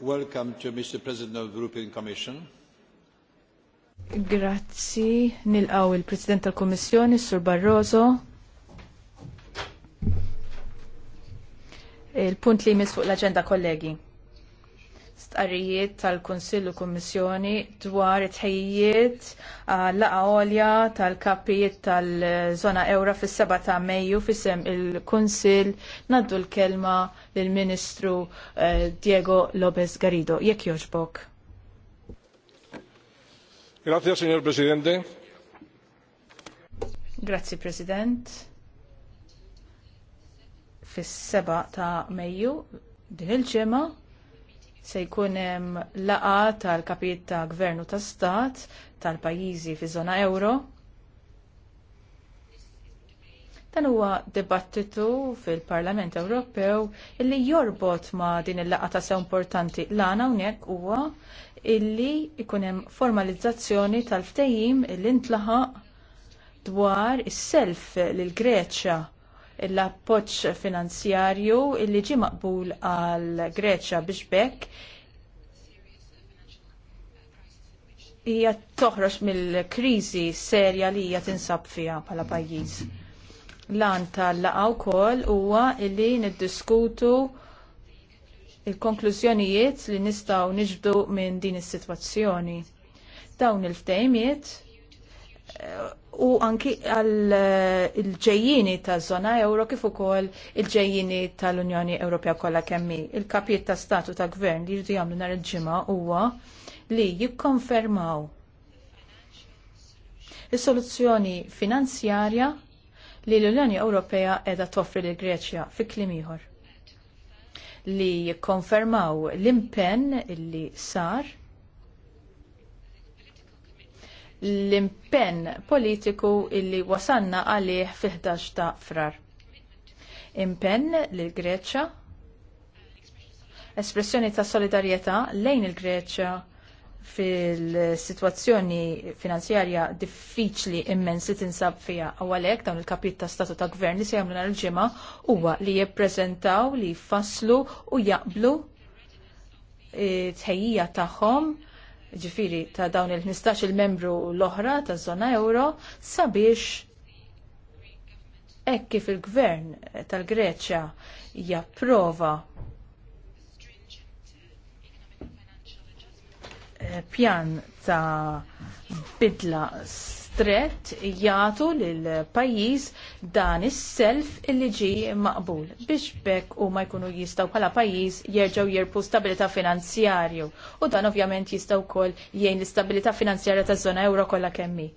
Welcome to Mr. President of the European Commission. Grazzi, nilqaw il-President tal-Kommissjoni, Sur Barroso. Il-punt li jmiss fuq l-agenda kollegi stqarrijiet tal-Kunsill u Kummissjoni dwar it tħejjiet uh, laqa għolja tal-kapijiet tal zona ewra fis-7 ta' Mejju fisem il-Kunsill naddu l-kelma lill ministru uh, Diego López Garrido. Jekk jogħġbok. Grazie, signor Presidente. Grazie, President. Fis-7 ta' Mejju din il-ġimgħa se jkun hemm laqa tal-kapijiet ta' gvernu ta' stat tal-pajjiżi fi żona euro. Dan huwa dibattitu fil-Parlament Ewropew illi jorbot ma' din il-laqa ta' sew importanti l-għana hawnhekk huwa illi jkun hemm formalizzazzjoni tal-ftehim illi ntlaħaq dwar is-self lil Greċja l-appoċ finanzjarju illi ġi maqbul għal Greċja biex bekk hija toħroġ mill-kriżi serja li hija tinsab fiha bħala pajjiż. Lan tal-laqgħa wkoll huwa li niddiskutu il-konklużjonijiet li nistgħu niġbdu minn din is-sitwazzjoni. Dawn il ftejmiet u anki għal eh, il-ġejjini ta' zona euro kif ukoll il-ġejjini tal-Unjoni Ewropea kollha kemmi. Il-kapijiet ta' statu ta' gvern li jridu jagħmlu nhar il-ġimgħa huwa li jikkonfermaw is-soluzzjoni finanzjarja li l-Unjoni Ewropea qiegħda toffri lil Greċja fi kliem ieħor li jikkonfermaw l-impenn li sar l-impenn politiku illi wasanna għalih fi 11 ta' frar. Impenn l Greċja espressjoni ta' solidarjetà lejn il-Greċja fil-situazzjoni finanzjarja diffiċli immensi tinsab fija għalek dawn il-kapit ta' statu ta' gvern li se jagħmlu nhar ġima ġimgħa huwa li jippreżentaw li jfasslu u jaqblu tħejjija tagħhom ġifiri ta' dawn il-15 il-membru l-oħra ta' zona euro sabiex ekk kif il-gvern tal-Greċja japprova eh, pjan ta' bidla Tret jagħtu lill pajjiż dan is-self illi ġi maqbul biex bekk huma jkunu jistgħu bħala pajjiż jerġgħu jirpu stabilità finanzjarju u dan ovvjament jistaw wkoll jgħin l stabilita finanzjarja taż-żona euro kollha kemm hi.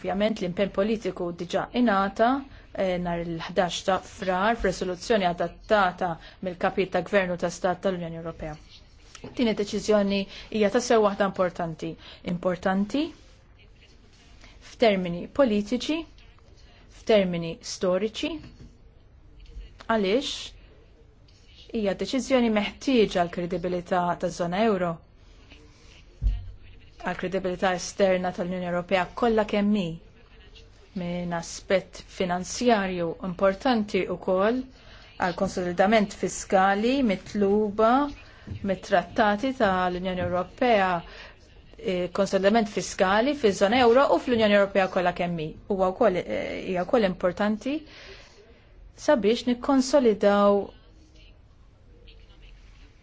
Ovvjament l-impenn politiku diġa' inata eh, nhar il-11 ta' frar f'resoluzzjoni adattata mill-kapit ta' Gvernu ta' Stat tal-Unjoni Ewropea. Tini deċiżjoni hija ta' sew waħda importanti. Importanti f'termini politiċi, f'termini storiċi, għaliex hija deċiżjoni meħtieġa għal kredibilità taż-żona euro għal kredibilità esterna tal-Unjoni Ewropea kollha kemm hi minn aspett finanzjarju importanti wkoll għal konsolidament fiskali mitluba mit-trattati tal-Unjoni Ewropea konsolidament fiskali fiż zona euro u fl-Unjoni Ewropea kollha kemm hi. Huwa wkoll eh, hija wkoll importanti sabiex nikkonsolidaw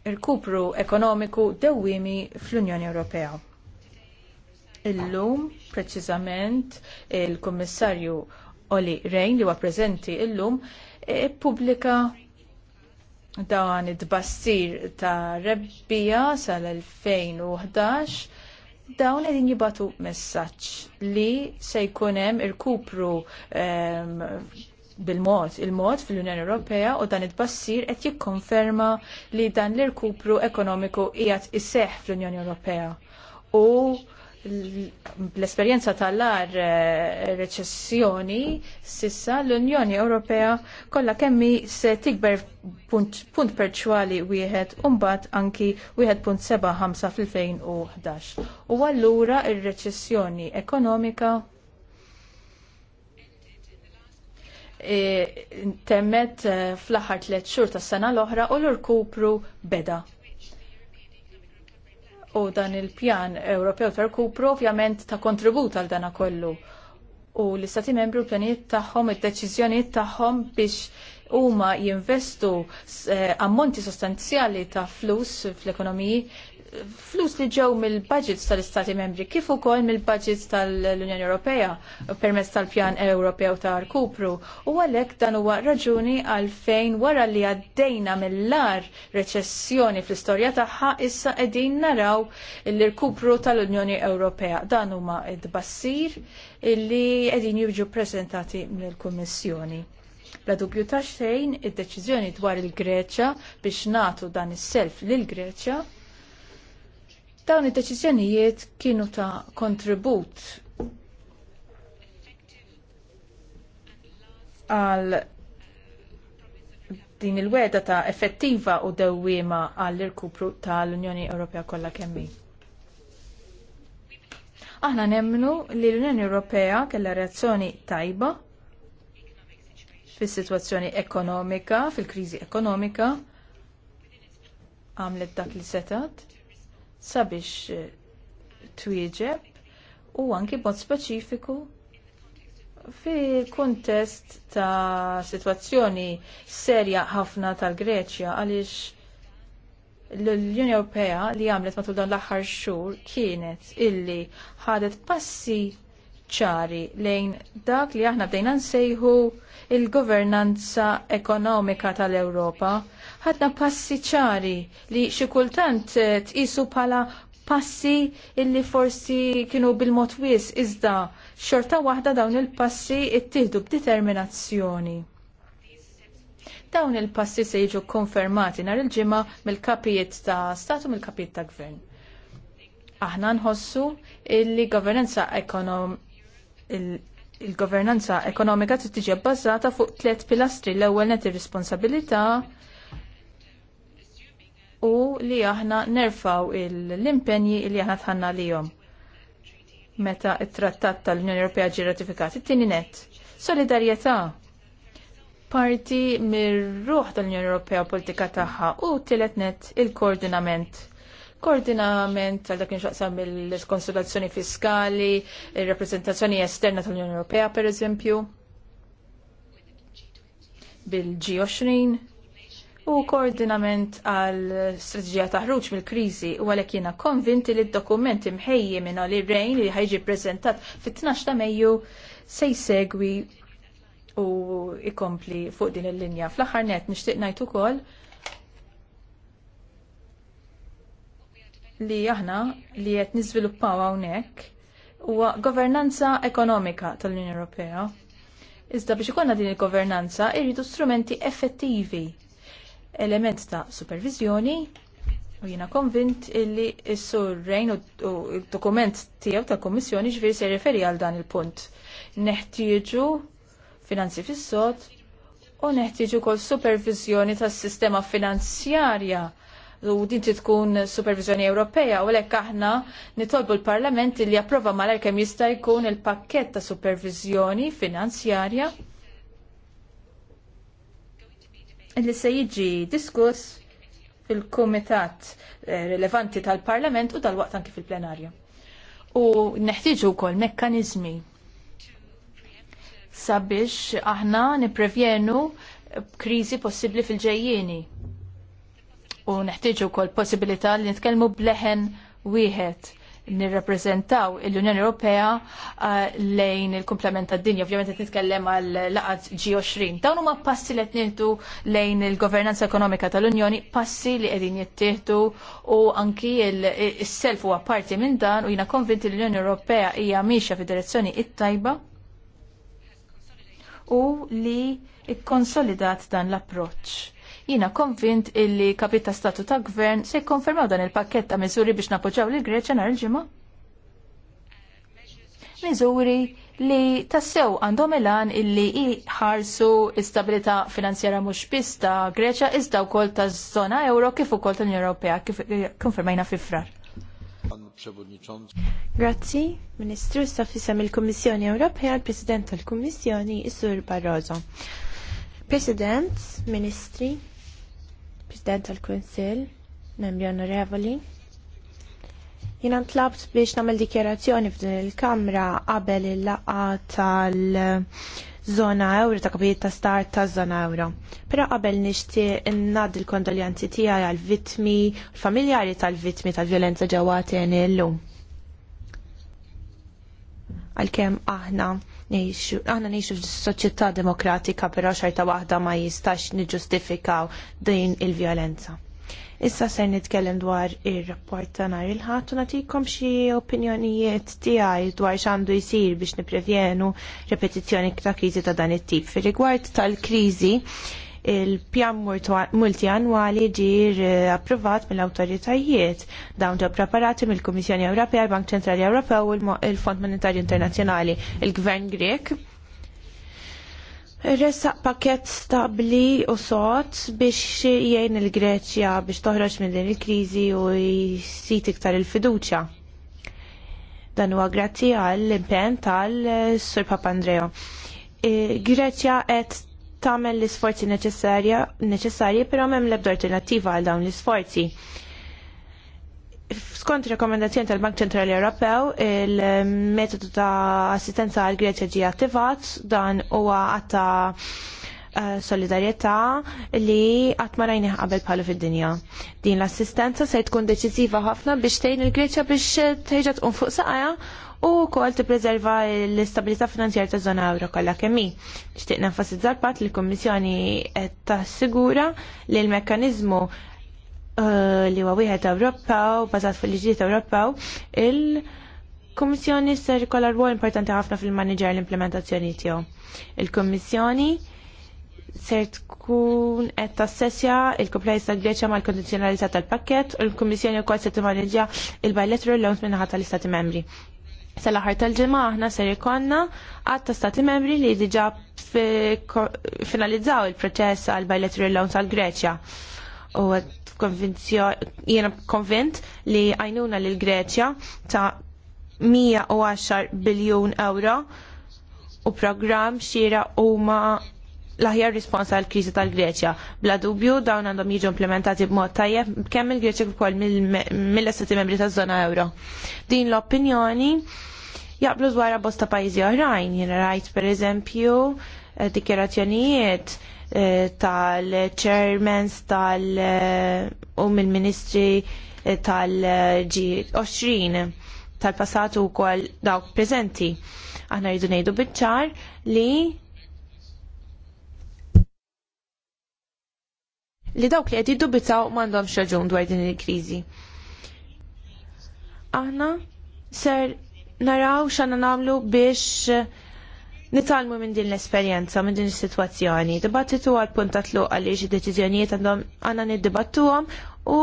il-kupru ekonomiku dewwimi fl-Unjoni Ewropea. Illum, preċiżament, il-Kummissarju Oli Rejn li huwa preżenti illum ippubblika e, dan id-tbassir ta' rebbija sal-2011 dawn edin jibatu messaċ li se jkunem irkupru um, bil-mod, il-mod fil-Unjoni Ewropea u dan it-bassir qed jikkonferma li dan l-irkupru ekonomiku qiegħed isseħħ fl-Unjoni Ewropea. U l-esperienza tal-ar eh, reċessjoni sissa l-Unjoni Ewropea kollha kemmi se tikber punt, punt perċwali wieħed umbat anki punt 1.75 fil-2011. U allura r reċessjoni ekonomika e, temmet eh, fl-aħħar tliet xhur tas-sena l-oħra u l-irkupru beda u dan il-pjan Ewropew ta' rkupru ovvjament ta' kontribut għal dana kollu. U l-istati membri u pjanijiet tagħhom, id-deċiżjonijiet tagħhom biex huma jinvestu eh, ammonti sostanzjali ta' flus fl-ekonomiji flus li ġew mill-budgets tal-Istati membri kif ukoll mill-budgets tal-Unjoni Ewropea permezz tal-Pjan Ewropew ta' Kupru u għalhekk dan huwa raġuni għalfejn wara li għaddejna mill-lar reċessjoni fl-istorja tagħha issa qegħdin naraw l-irkupru tal-Unjoni Ewropea. Dan huma d-bassir li qegħdin jiġu ppreżentati mill-Kummissjoni. La dubju ta' xejn id-deċiżjoni dwar il-Greċja biex natu dan is-self lill Greċja Dawn id-deċiżjonijiet kienu ta' kontribut għal din il-weda ta' effettiva u dewwiema għall irkupru tal-Unjoni Ewropea kollha kemmi. Aħna nemmnu li l-Unjoni Ewropea kellha reazzjoni tajba fis-sitwazzjoni ekonomika, fil-kriżi ekonomika, għamlet dak li setat sabiex eh, twieġeb u anki b'mod speċifiku fi kuntest ta' sitwazzjoni serja ħafna tal-Greċja għaliex l-Unjoni Ewropea li għamlet matul dan l-aħħar xhur kienet illi ħadet passi ċari lejn dak li aħna bdejna nsejħu il-governanza ekonomika tal-Ewropa. Ħadna passi ċari li xi kultant eh, tqisu bħala passi illi forsi kienu bil-mod wis iżda xorta waħda dawn il-passi ittieħdu b'determinazzjoni. Dawn il-passi se jiġu konfermati nhar il-ġimgħa mill-kapijiet ta' statu mill-kapijiet ta' gvern. Aħna nħossu illi governanza ekonom il-governanza ekonomika trid tiġi bbażata fuq tliet pilastri l-ewwel net ir-responsabilità u li aħna nerfaw l-impenji li aħna tħanna lihom meta t trattat tal-Unjoni Ewropea ġie ratifikat. It-tieni net, solidarjetà parti mir-ruħ tal-Unjoni Ewropea politika tagħha u t-tielet net il-koordinament koordinament għal dak x'aqsam il-konsultazzjoni fiskali, il-rappresentazzjoni esterna tal-Unjoni Ewropea per eżempju, bil-G20, u koordinament għal strategija taħruġ mill-kriżi u għalek jena konvinti li d-dokument imħejji minn li rejn li ħajġi ppreżentat fit-12 ta' Mejju se segwi u ikompli fuq din il-linja. Fl-aħħar net nixtieq ngħid ukoll li aħna li qed niżviluppaw hawnhekk huwa governanza ekonomika tal-Unjoni Ewropea. Iżda biex ikollna din il-governanza irridu strumenti effettivi, element ta' supervizjoni, u jiena konvint illi s-sur rejn u dokument tiegħu tal-Kummissjoni ġviri se referi għal dan il-punt. Neħtieġu finanzi fis-sod u neħtieġu kol supervizjoni tas-sistema finanzjarja u din trid tkun supervizjoni Ewropea u hekk aħna nitolbu l-Parlament li japprova malar kemm jista' jkun il-pakkett ta' supervizjoni finanzjarja li se jiġi diskuss fil-kumitat eh, rilevanti tal-Parlament u tal-waqt anki fil-plenarja. U neħtieġu wkoll mekkaniżmi sabiex aħna niprevjenu kriżi possibbli fil-ġejjieni u neħtieġu wkoll possibilità li nitkellmu bleħen wieħed nirrappreżentaw l-Unjoni Ewropea uh, lejn il-komplement tad-dinja, ovvjament qed nitkellem għal laqat G20. Dawn huma passi li qed nieħdu lejn il-governanza ekonomika tal-Unjoni, passi li qegħdin jittieħdu u anki s-self huwa parti minn dan u jiena konvinti l-Unjoni Ewropea hija mixja fid-direzzjoni it-tajba u li ikkonsolidat dan l-approċċ Jina konvint illi Kapita statu ta' gvern se konfermaw dan il-pakket ta' miżuri biex napoġġaw lil Greċja nhar il-ġimgħa. Miżuri li tassew għandhom il-għan illi jħarsu istabilita finanzjera mhux biss ta' Greċja iżda wkoll taż-żona euro kif ukoll tal-Unjoni Europea kif konfermajna fifrar. Grazzi, Ministru, staffisam il-Kommissjoni Ewropea, il-President tal-Kommissjoni, Isur Barroso. President, Ministri, President tal-Kunsill, membri onorevoli. Jina ntlabt biex namel dikjerazzjoni f'din il-Kamra qabel il-laqa tal-Zona Euro, ta' kapijiet ta' start ta' Zona Euro. Pero qabel nixti innad il-kondoljanzi tiegħi għal-vitmi, l-familjari tal-vitmi tal-violenza ġewwa l-lum. għal Għalkemm aħna aħna ngħixu f'soċjetà demokratika però xorta waħda ma jistax niġġustifikaw din il-vjolenza. Issa ser nitkellem dwar ir-rapport ta' nhar il-ħadd u nagħtikom xi opinjonijiet tiegħi dwar x'għandu jsir biex nipprevjenu repetizzjoni ta' kriżi ta' dan it-tip. Fir-rigward tal-kriżi, il-pjan multianwali ġir eh, approvat mill-autoritajiet. Dawn ġew preparati mill-Kummissjoni Ewropea, il-Bank Ċentrali Ewropew u il-Fond Monetarju Internazzjonali, il-Gvern Grek. Ressaq pakket stabli u sot biex jgħin il-Greċja biex toħroġ minn din il-kriżi u jisit iktar il-fiduċja. Dan huwa grazzi għall-impenn tal-Sur Papandreo. Eh, Greċja qed tagħmel l-isforzi neċessarji, però m'hemm l-ebda alternattiva għal dawn l-isforzi. Skont rekomendazzjoni tal-Bank Ċentrali Ewropew, il-metodu ta' assistenza għal Greċja ġie attivat, dan huwa għatta eh, solidarjetà li qatt ma rajni qabel bħalu fid-dinja. Din l-assistenza se tkun deċiżiva ħafna biex tgħin il-Greċja biex terġa' tqum fuq saqajja u ti prezerva l-istabilità finanzjarja ta' żona euro kollha kemm hi. Nixtieq pat li l-Kummissjoni qed tassigura li l-mekkaniżmu eh, li huwa wieħed u bażat fil-liġijiet Ewropew il- Kummissjoni ser kolla rwol importanti ħafna fil-manager l-implementazzjoni tiegħu. Il-Kummissjoni ser tkun qed tassessja il-compliance tal Greċja mal-kondizzjonalità tal-pakkett u l-Kummissjoni wkoll se timmaneġġja il-bilateral loans minnaħa tal-Istati Membri. Sal-aħħar tal-ġimgħa aħna ser ikonna għadd ta' stati membri li diġà finalizzaw il-proċess għal bilateral loans għal Greċja. U jiena konvint li għajnuna lil Greċja ta' 110 biljun euro u program xira huma l-aħjar risponsa għal kriżi tal-Greċja. Bla dubju dawn għandhom jiġu implementati b'mod tajjeb kemm il-Greċja wkoll mill-istati membri taż-żona euro. Din l-opinjoni jaqblu dwar bosta pajjiżi oħrajn, jiena rajt pereżempju eh, dikjerazzjonijiet eh, tal-chairmans tal- eh, u mill-ministri tal-G20 tal-passat u kol dawk prezenti. Aħna rridu nejdu ċar li li dawk li qed jiddubitaw m'għandhomx xaġun dwar din il-kriżi. Aħna ser naraw x'għandna nagħmlu biex Nitalmu minn din l-esperienza, minn din is-sitwazzjoni, dibattitu għal puntat luq għalli xi deċiżjonijiet għandhom għandna niddibattuhom u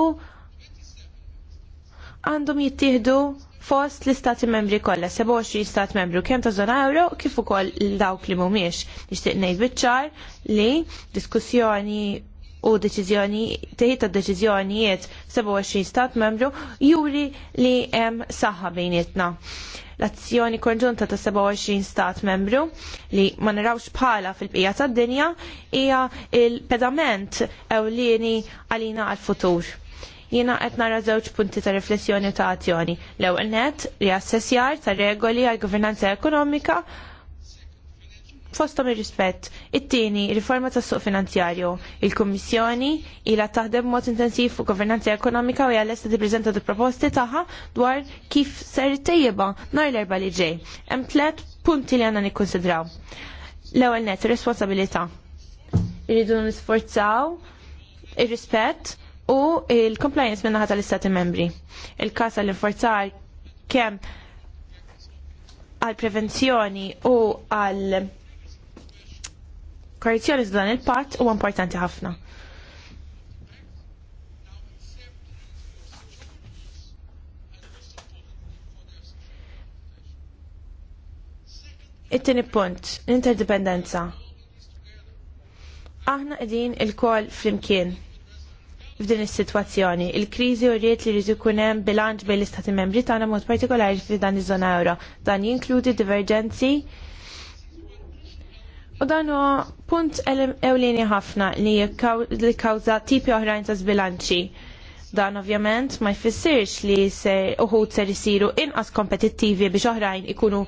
għandhom jittieħdu fost l-istati membri kollha, 27 stat membru kemm ta' żona euro kif ukoll dawk li mhumiex. Nixtieq ngħid bieċar ċar li diskussjoni u deċizjoni, teħid ta' deċiżjonijiet 27 stat membru juri li hemm saħħa bejnietna. L-azzjoni konġunta ta' 27 stat membru li ma narawx bħala fil-bqija tad-dinja hija il-pedament ewlieni għalina għal-futur. Jiena qed nara żewġ punti ta' riflessjoni ta' azzjoni. L-ewwel net riassessjar ta' regoli għall governanza ekonomika fostom il rispett It-tieni, riforma tas suq finanzjarju. Il-Kummissjoni ilha taħdem mod intensiv fuq governanza ekonomika u hija lesta tippreżenta proposti tagħha dwar kif ser tejjeba nhar l-erba' li ġej. Hemm tliet punti li għandna nikkonsidraw. L-ewwel net, responsabilità. Irridu nisforzaw ir-rispett u il-compliance min-naħa tal-Istati membri. Il-każ l-inforzar kemm għal prevenzjoni u għal korrezzjoni ta' dan il-patt huwa importanti ħafna. It-tieni punt, l-interdipendenza. Aħna qegħdin il-kol flimkien f'din is-sitwazzjoni. Il-kriżi u rrid li jrid ikun hemm bilanċ bejn l-Istati Membri tagħna mod partikolari f'dan iż-żona ewra. Dan jinkludi diverġenzi U dan huwa punt ewlieni ħafna li kawża tipi oħrajn ta' zbilanċi. Dan ovvjament ma jfissirx li se uħud ser isiru inqas kompetittivi biex oħrajn ikunu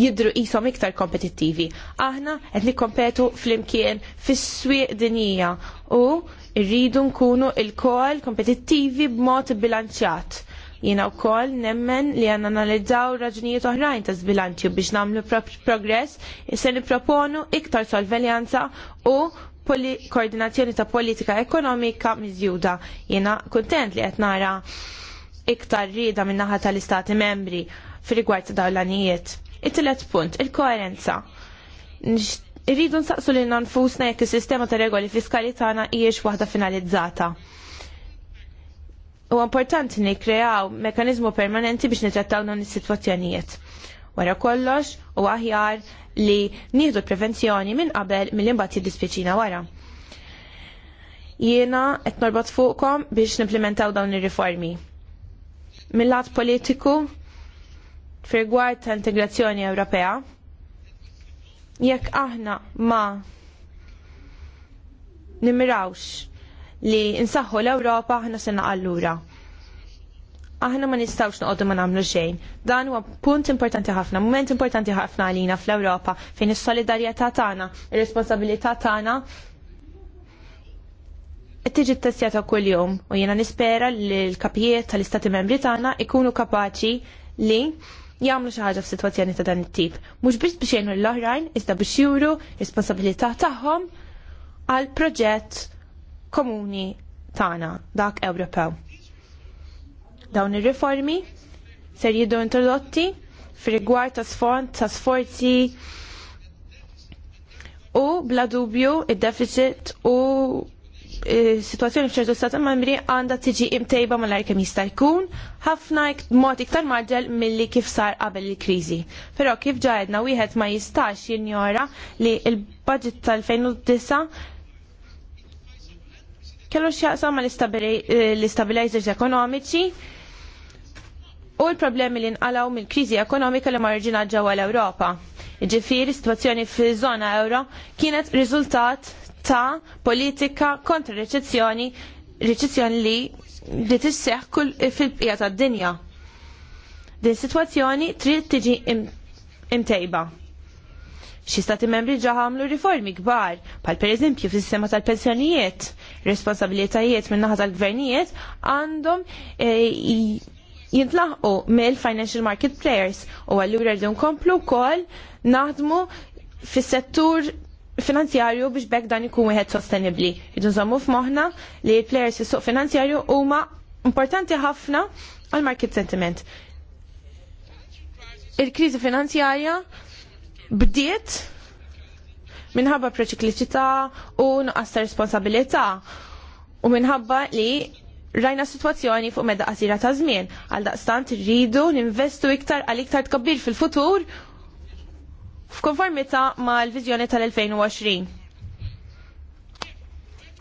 jidru jisom iktar kompetittivi. Aħna qed nikkompetu fl-imkien fis-swieq dinija u rridu nkunu il-kol kompetittivi b'mod bilanċjat. Jiena wkoll nemmen li għan analizzaw raġunijiet oħrajn ta' zbilanċju biex nagħmlu progress se nipproponu iktar sorveljanza u koordinazzjoni ta' politika ekonomika miżjuda. Jiena kuntent li qed nara iktar rida min-naħa tal-istati membri fir-rigward ta' dawlanijiet. it tillet punt, il-koerenza irridu nsaqsu li nanfusna jekk is-sistema ta' regoli fiskali tagħna hijiex waħda finalizzata. U importanti kreaw mekanizmu permanenti biex nitrattaw dawn is-sitwazzjonijiet. Wara kollox u aħjar li nieħdu prevenzjoni minn qabel mill-imbagħad jiddispiċina wara. Jiena qed norbot fuqkom biex nimplementaw dawn ir-riformi. Mill-lat politiku fir tal ta' integrazzjoni Ewropea, jekk aħna ma nimmirawx li nsaħħu l-Ewropa aħna se naqallura. Aħna ma nistawx noqogħdu ma nagħmlu xejn. Dan huwa punt importanti ħafna, mument importanti ħafna għalina fl-Ewropa fejn is-solidarjetà tagħna, ir-responsabilità tagħna tiġi t-testjata kull u jena nispera li l-kapijiet tal-istati membri tagħna ikunu kapaċi li jagħmlu xi ħaġa f'sitwazzjoni ta' dan it-tip. Mhux biss biex jgħinu l-oħrajn, iżda biex juru responsabilità tagħhom għal proġett komuni tagħna dak Ewropew. Dawn ir-riformi ser jidu introdotti fir-rigward ta' sfond ta' sforzi u bla dubju id-deficit u e, situazzjoni f'ċertu stati membri għandha tiġi imtejba malajr kemm jista' jkun ħafna mod iktar marġel milli kif sar qabel il-kriżi. Però kif ġajedna wieħed ma jistax jinjora li l-budget tal-2009 kellu xjaqsam ma l-stabilizers ekonomiċi u l-problemi li nqalaw mill-kriżi ekonomika li marġina ġewwa l-Ewropa. Ġifir, situazzjoni fiż-żona euro kienet riżultat ta' politika kontra reċezzjoni reċezzjoni li li tisseħ kull fil-bqija tad-dinja. Din situazzjoni trid tiġi imtejba. Im Xi stati membri ġa għamlu riformi kbar, pal pereżempju fis-sistema tal-pensjonijiet, responsabilitajiet min naħa tal-gvernijiet għandhom e, jintlaħqu mill-financial market players u għallura rridu nkomplu wkoll naħdmu fis-settur finanzjarju biex bekk dan ikun wieħed sostenibbli. Jidu nżommu f'moħħna li l-plejers fis-suq finanzjarju huma importanti ħafna għal market sentiment. Il-kriżi finanzjarja bdiet minħabba preċikliċità u nuqqas ta' responsabilità u minħabba li rajna situazzjoni fuq medda qasira ta' żmien. Għal daqstant rridu ninvestu iktar għal iktar tkabbir fil-futur f'konformità mal-viżjoni tal-2020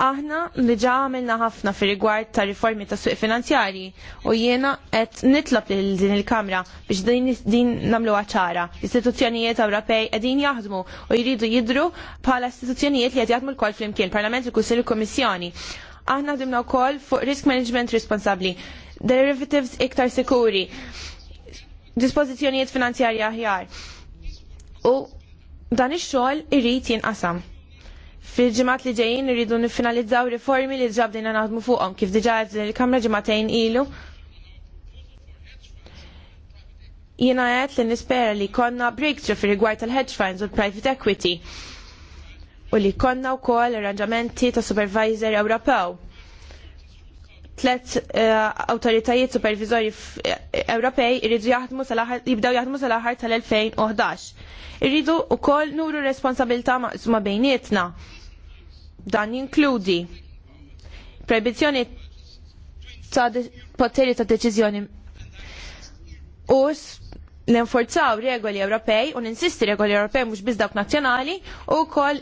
aħna li ġa għamilna ħafna fi rigward ta' riformi ta' suq finanzjari u jiena qed nitlob lil din il-Kamra biex din, din namlu ċara. Istituzzjonijiet Ewropej qegħdin jaħdmu u jridu jidru bħala istituzzjonijiet li qed jaħdmu l-kol flimkien, Parlament, u kunsill il-Kummissjoni. Aħna ħdimna wkoll fuq risk management responsabbli, derivatives iktar sikuri, dispożizzjonijiet finanzjarji aħjar. U dan ix-xogħol irid jinqasam Fil-ġimat li ġejjin irridu nifinalizzaw riformi li ġabdina naħdmu fuqhom kif diġà il-Kamra ġimatejn ilu. Jiena għedt li nispera li konna breakthrough fir rigward tal-hedge funds u l-private equity u li konna wkoll arranġamenti ta' supervisor Ewropew tlet eh, awtoritajiet superviżorji eh, Ewropej irridu jaħdmu jibdew jaħdmu sal-aħħar tal-2011. Irridu wkoll nuru responsabilità maqsuma bejnietna. Dan jinkludi proibizzjoni ta' poteri ta' deċiżjoni u l-enforzaw regoli Ewropej u ninsisti regoli Ewropej mhux biss dawk nazzjonali u wkoll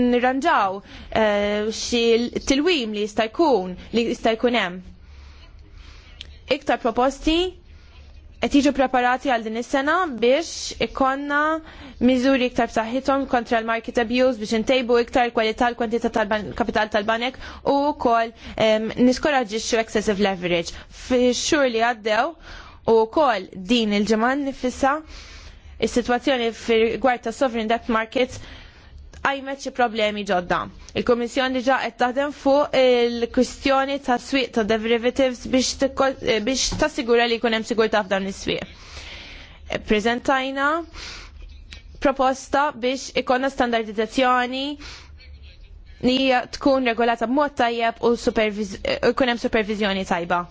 nirranġaw eh, xi tilwim li jista' jkun li jista' jkun hemm. Iktar proposti qed jiġu preparati għal din is-sena biex ikonna miżuri iktar b'saħħithom kontra l-market abuse biex intejbu iktar kwalità l kwantità tal-kapital tal-banek u wkoll niskoraġġixxu excessive leverage. Fix-xhur li għaddew u kol din il-ġeman nifissa il sitwazzjoni fil-gwarta sovereign debt markets għajmet problemi ġodda. Il-Komissjoni ġa qed taħdem fuq il-kwistjoni ta' swieq ta' derivatives biex eh, tassigura li jkun hemm sigurtà f'dan is-swieq. Preżentajna proposta biex ikonna standardizzazzjoni li tkun regolata b'mod tajjeb u jkun eh, hemm supervizjoni tajba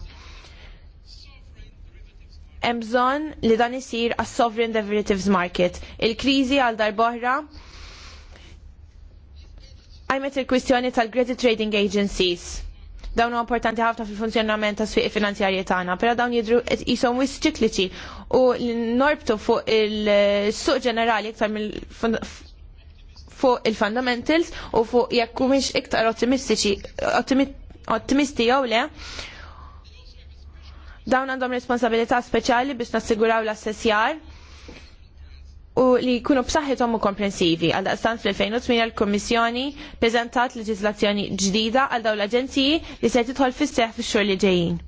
hemm bżonn li dan isir għas sovereign derivatives market. Il-kriżi għal darbohra għajmet il-kwistjoni tal-credit trading agencies. Dawn huwa importanti ħafna fil-funzjonament ta' sfiq finanzjarji tagħna, però dawn jidru qishom wis ċikliċi u norbtu fuq il-suq ġenerali iktar mill fuq il-fundamentals u fuq jekk humiex iktar ottimistiċi ottimisti jew le Dawn għandhom responsabilità speċjali biex nassiguraw l-assessjar u li jkunu b'saħħithom u komprensivi. Għal daqstan fl-2008 l-Kommissjoni preżentat leġislazzjoni ġdida għal dawn l-aġenziji li se tidħol fis-seħħ fix xogħol li ġejjin.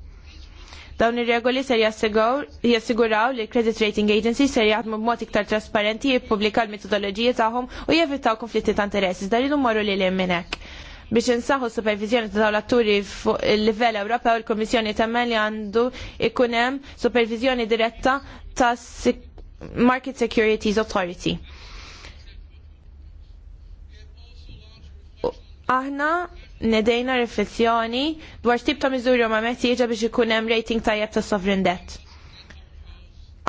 Dawn ir-regoli ser jassiguraw li l-Credit Rating Agency ser jaħdmu b'mod iktar trasparenti jippubblika l-metodoloġiji tagħhom u jevitaw konflitti ta' interessi. Dar idu morru li l-imminek. Biex insaħu supervizjoni ta' dawn l-atturi fuq il-livell Ewropew il-Kummissjoni temmen li għandu ikun hemm supervizjoni diretta ta' Market Securities Authority. Aħna nedejna riflessjoni dwar tip ta' miżuri ma' meħtieġa biex ikun hemm rating tajjeb ta' sovereign debt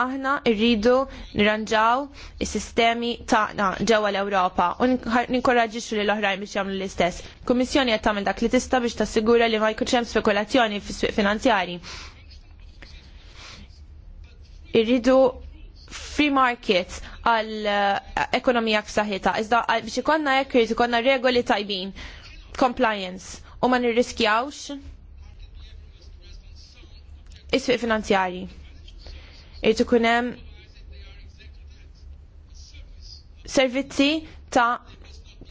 aħna rridu nirranġaw is-sistemi tagħna ġewwa l-Ewropa u ninkoraġġixxu lil oħrajn biex jagħmlu l-istess. Kummissjoni qed tagħmel dak li tista' biex tassigura li ma jkunx hemm spekulazzjoni fis-swieq finanzjarji. Irridu free market għal eh, ekonomija f'saħħitha, iżda eh, biex ikonna hekk irid ikollna regoli tajbin, compliance, u ma nirriskjawx is-swieq finanzjarji. Irid ikun hemm servizzi ta'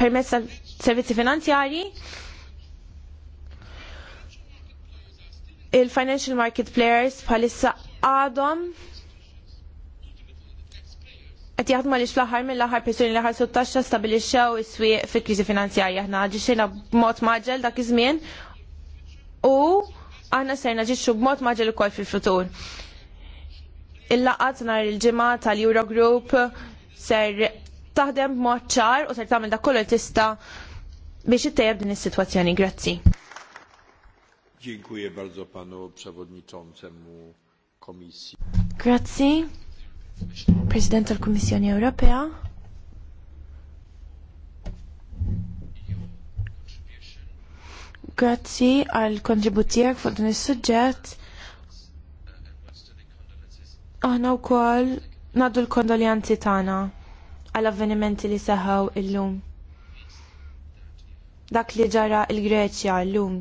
permezz ta' servizzi finanzjarji il-financial market players bħalissa għadhom qed jaħdmu għaliex fl-aħħar mill-aħħar persuni li aħħar sottaxxa stabilixxew is-swieq fil-kriżi finanzjarja aħna ġixxejna b'mod maġel dak iż-żmien u aħna ser naġixxu b'mod maġel ukoll fil-futur il-laqat nhar il-ġimgħa tal-Eurogroup ser taħdem b'mod ċar u ser tagħmel dak kollu tista' biex ittejjeb din is-sitwazzjoni. Grazzi. Dziękuję bardzo panu przewodniczącemu komisji. Grazzi. President tal-Kummissjoni Europea. Grazzi għal kontributijak fuq din is-suġġett Aħna wkoll naddu l-kondoljanzi tagħna għall avvenimenti li seħħaw illum. Dak li ġara l-Greċja llum.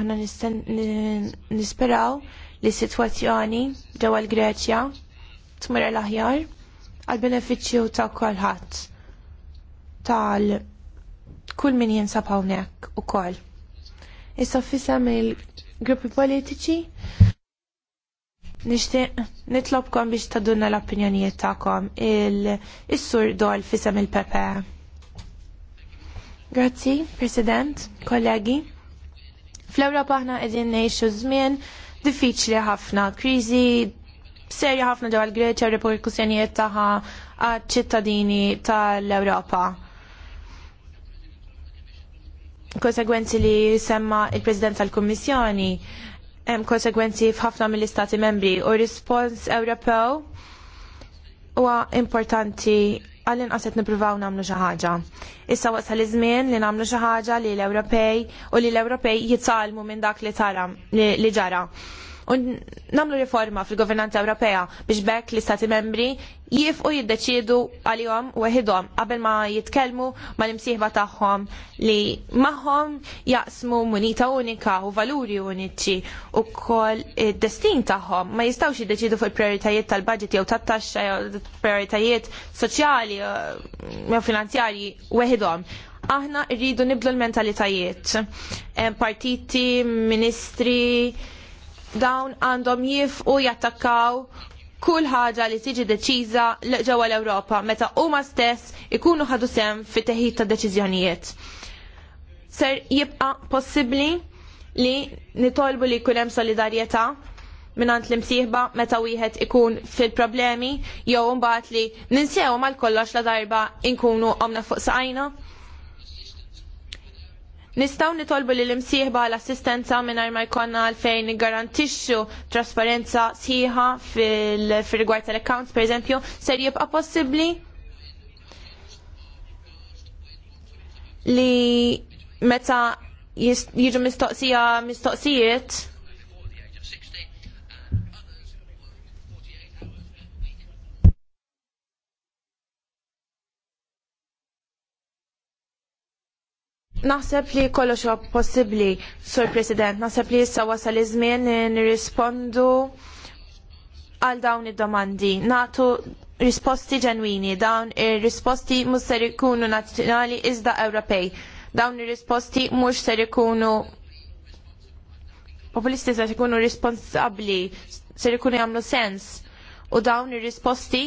Aħna nisperaw li s-sitwazzjoni ġewwa l-Greċja tmur l-aħjar għall benefiċċju ta' kulħadd tal kull min jinsab hawnhekk ukoll. Issa fisem il gruppi politiċi. Nishtiq nitlobkom biex tadunna l-opinjonijiet tagħkom il-sur dol fisem il-Pepe. Grazzi, President, kollegi. Fl-Ewropa aħna qegħdin ngħixu żmien diffiċli ħafna, kriżi serja ħafna ġewwa l-Greċja u reperkussjonijiet tagħha għad ċittadini tal-Ewropa konsegwenzi li semma il-President tal-Kommissjoni, hemm konsegwenzi f'ħafna mill-Istati membri u rispons Ewropew huwa importanti għallin qaset nipruvaw namlu xaħġa. Issa waqsa li żmien li namlu xaħġa li l-Ewropej u li l-Ewropej jitsalmu minn dak li tara li ġara u namlu riforma fil-governanza Ewropea biex bekk l-istati membri jifqu jiddeċidu għalihom weħidhom qabel ma jitkellmu mal imsieħba tagħhom li magħhom jaqsmu munita unika u valuri uniċi u kol id-destin tagħhom ma jistgħux jiddeċidu fuq il-prioritajiet tal-budget jew tat-taxxa jew prioritajiet soċjali eh, jew finanzjarji weħidhom aħna rridu niblu l-mentalitajiet. Partiti, ministri, dawn għandhom jifqu jattakkaw kull ħaġa li tiġi deċiża ġewwa l-Ewropa meta huma stess ikunu ħadu sem fit teħid ta' deċiżjonijiet. Ser jibqa' possibbli li nitolbu li jkun hemm solidarjetà minant l-imsieħba meta wieħed ikun fil-problemi jew mbagħad li ninsew mal-kollox la darba nkunu omna fuq saqajna. Nistaw nitolbu li l-imsieħba l-assistenza mingħajr ma jkollna għalfejn garantixxu trasparenza sħiħa fil-rigward tal-accounts, pereżempju, ser jibqa' possibbli li meta jiġu mistoqsija mistoqsijiet Naħseb li kollox huwa possibbli, Sur President, naħseb li issa wasal iż-żmien nirrispondu għal dawn id-domandi. Natu risposti ġenwini, dawn ir-risposti mhux ser ikunu nazzjonali iżda Ewropej. Dawn ir-risposti mhux ser ikunu populisti se ikunu responsabbli, ser ikunu jagħmlu sens. U dawn ir-risposti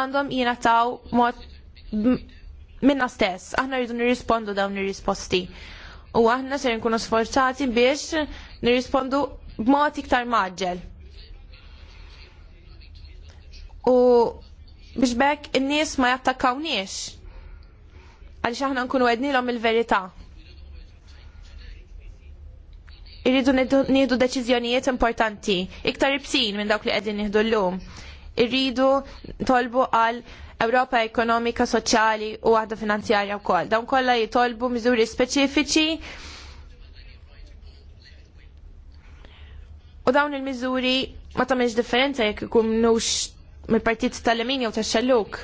għandhom jingħataw mod minna stess, aħna rridu nirrispondu dawn ir-risposti. U aħna ser nkunu sforzati biex nirrispondu b'mod iktar maġġel. U biex bekk in-nies ma jattakkawniex. Għaliex aħna nkunu għednilhom il-verità. Irridu nieħdu deċiżjonijiet importanti, iktar ibsin minn dawk li qegħdin nieħdu llum. Irridu tolbu għal Ewropa ekonomika, soċjali u waħda finanzjarja wkoll. Dawn kollha jitolbu miżuri speċifiċi U dawn il-miżuri ma tagħmilx differenza jekk ikunux mill-partit tal-Lemin jew tax-Xalluk.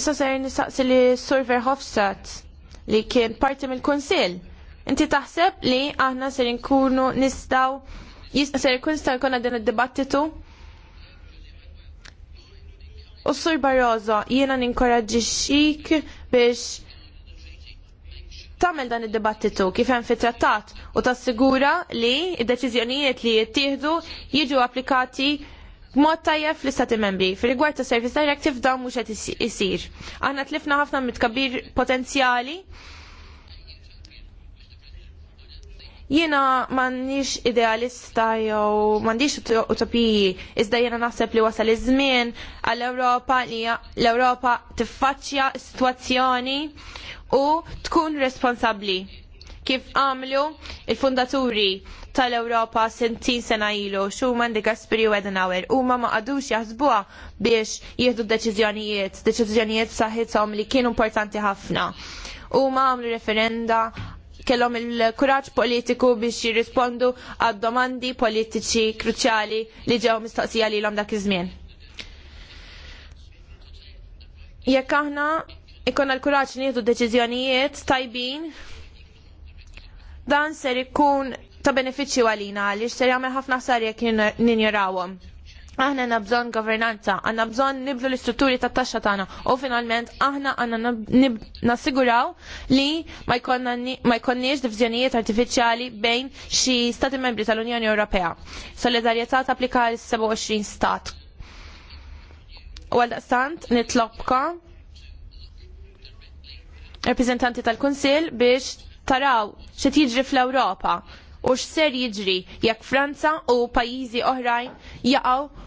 Issa ser nistaqsi li Sur Verhofstadt li kien parti mill-Kunsill. Inti taħseb li aħna ser nkunu nistgħu ser jkun jista' jkollna din id-dibattitu U Sur Barroso, jiena xik biex tagħmel dan id-dibattitu kif hemm fit-trattat u tassigura li d-deċiżjonijiet li jittieħdu jiġu applikati b'mod tajjeb fl-Istati Membri. Fir-rigward ta' Service Directive dawn mhux qed isir. Aħna tlifna ħafna mitkabbir potenzjali Jiena m'għandix idealista jew m'għandix utopiji, iżda jiena naħseb li wasal iż-żmien għall-Ewropa li l-Ewropa tiffaċċja s-sitwazzjoni u tkun responsabbli. Kif għamlu il-fundaturi tal-Ewropa sentin sena ilu, xu mandi Gasperi u Edenauer, u ma ma għadux jaħsbuha biex jieħdu deċiżjonijiet, deċiżjonijiet saħħithom li kienu importanti ħafna. U ma għamlu referenda kellhom il-kuraġġ politiku biex jirrispondu għad domandi politiċi kruċjali li ġew mistoqsija lilhom dak iż-żmien. Jekk aħna ikonna l-kuraġġ nieħdu deċiżjonijiet tajbin, dan ser ikun ta' benefiċċju għalina għaliex ser jagħmel ħafna sar jekk ninjorawhom aħna għanna bżon governanza, għanna bżon niblu l-istrutturi ta' taxxa tagħna u finalment aħna għanna nassiguraw li ma jkonniex divżjonijiet artifiċjali bejn xi stati membri tal-Unjoni Ewropea. Solidarjetà tapplika l 27 stat. U għaldaqstant nitlobka rappresentanti tal-Kunsill biex taraw xi tiġri fl-Ewropa u x'ser jiġri jekk Franza u pajjiżi oħrajn jaqgħu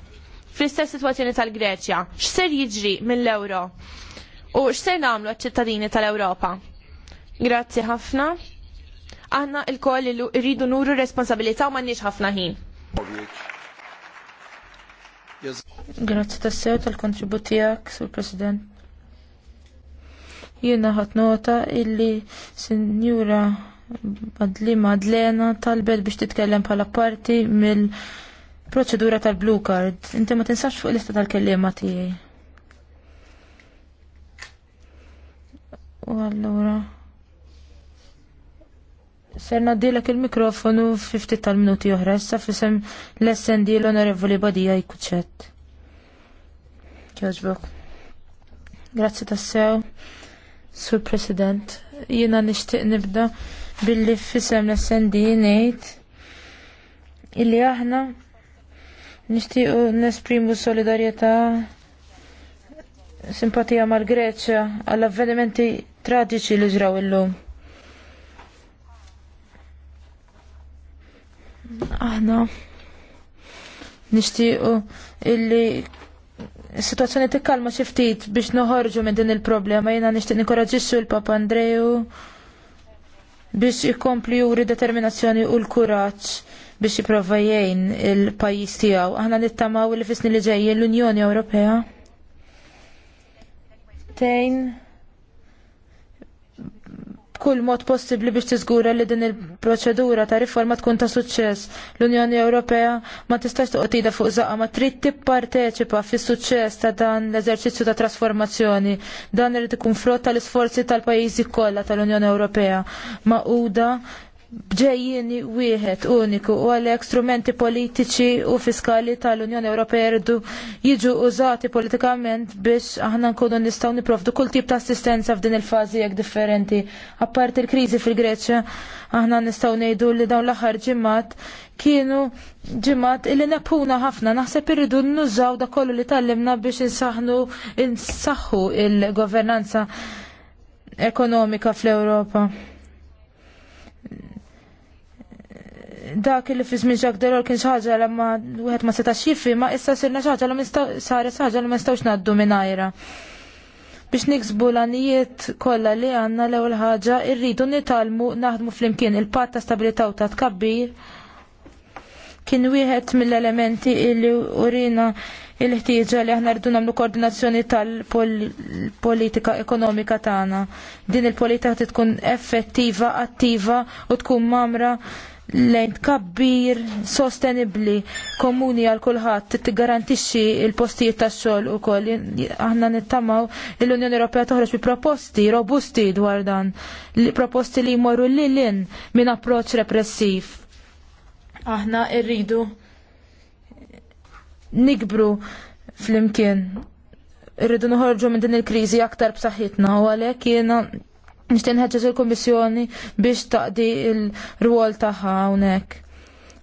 fl-istess situazzjoni tal-Greċja. X'ser jiġri mill-euro? U x'ser nagħmlu għaċ-ċittadini tal-Ewropa? Grazzi ħafna. Aħna l-koll rridu nuru responsabilità u m'għandniex ħafna ħin. Grazzi tas-sew tal-kontribut tiegħek, Sur President. Jiena ħadd nota illi Sinjura Badli Madlena talbet biex titkellem bħala parti mill- Proċedura tal-blue card, inti ma tinsax fuq lista tal-kellima tiegħi. U allura. Ser naddilek il-mikrofonu 50 tal-minuti oħra, issa fisem l-SND l-onorevoli Badija jkuċċett. Kjoġbok. Grazzi tassew, Sur President. Jiena nixtieq nibda billi fisem l-SND ngħid illi aħna Nixtiequ nesprimu solidarjetà simpatija mal-Greċja għall-avvenimenti traġiċi li ġraw illum. Aħna nixtiequ illi s sitwazzjoni tikkalma xi ftit biex noħorġu minn din il-problema jena nixtieq nikoraġissu l-Papa Andreju biex ikompli juri determinazzjoni u l-kuraġġ biex jipprova jgħin il-pajjiż tiegħu. Aħna nittamaw li fisni li ġejjin l-Unjoni Ewropea. Tejn b'kull mod possibbli biex tiżgura li din il-proċedura ta' riforma tkun ta' suċċess. L-Unjoni Ewropea ma tistax toqtida fuq zaqa ma trid tipparteċipa fis-suċċess ta' dan l-eżerċizzju ta' trasformazzjoni. Dan irid ikun frott tal-isforzi tal-pajjiżi kollha tal-Unjoni Ewropea. Maquda bġejjini wieħed uniku u għalhekk strumenti politiċi u fiskali tal-Unjoni Ewropea jridu jiġu użati politikament biex aħna nkunu nistgħu nipprovdu kull tip ta' assistenza f'din il-fażi jekk differenti. Apart il-kriżi fil-Greċja, aħna nistgħu ngħidu li dawn l-aħħar ġimgħat kienu ġimgħat illi nepuna ħafna naħseb irridu nużaw da kollu li tallimna biex insaħnu insaħħu il-governanza ekonomika fl-Ewropa. dak li fi żmien Jacques Delors kien xi ħaġa li ma wieħed ma setax jifhi ma issa sirna xi ħaġa li saret xi ħaġa li ma nistgħux ngħaddu mingħajra. Biex niksbu l-anijiet kollha li għandna l-ewwel ħaġa rridu nitalmu naħdmu flimkien il-patt ta' stabilità u ta' tkabbir kien wieħed mill-elementi illi urina il-ħtieġa li aħna rridu nagħmlu koordinazzjoni tal-politika ekonomika tagħna. Din il-politika tkun effettiva, attiva u tkun mamra lejn tkabbir sostenibbli komuni għal kulħadd tiggarantixxi l-postijiet tax-xogħol ukoll. Aħna nittamaw l-Unjoni Ewropea toħroġ bi proposti robusti dwar dan, proposti li jmorru lilin minn approċċ repressiv. Aħna rridu nikbru flimkien. Irridu noħorġu minn din il-kriżi aktar b'saħħitna u għalhekk jiena Nishtin il-Komissjoni biex taqdi il-rwol taħħa hawnhekk.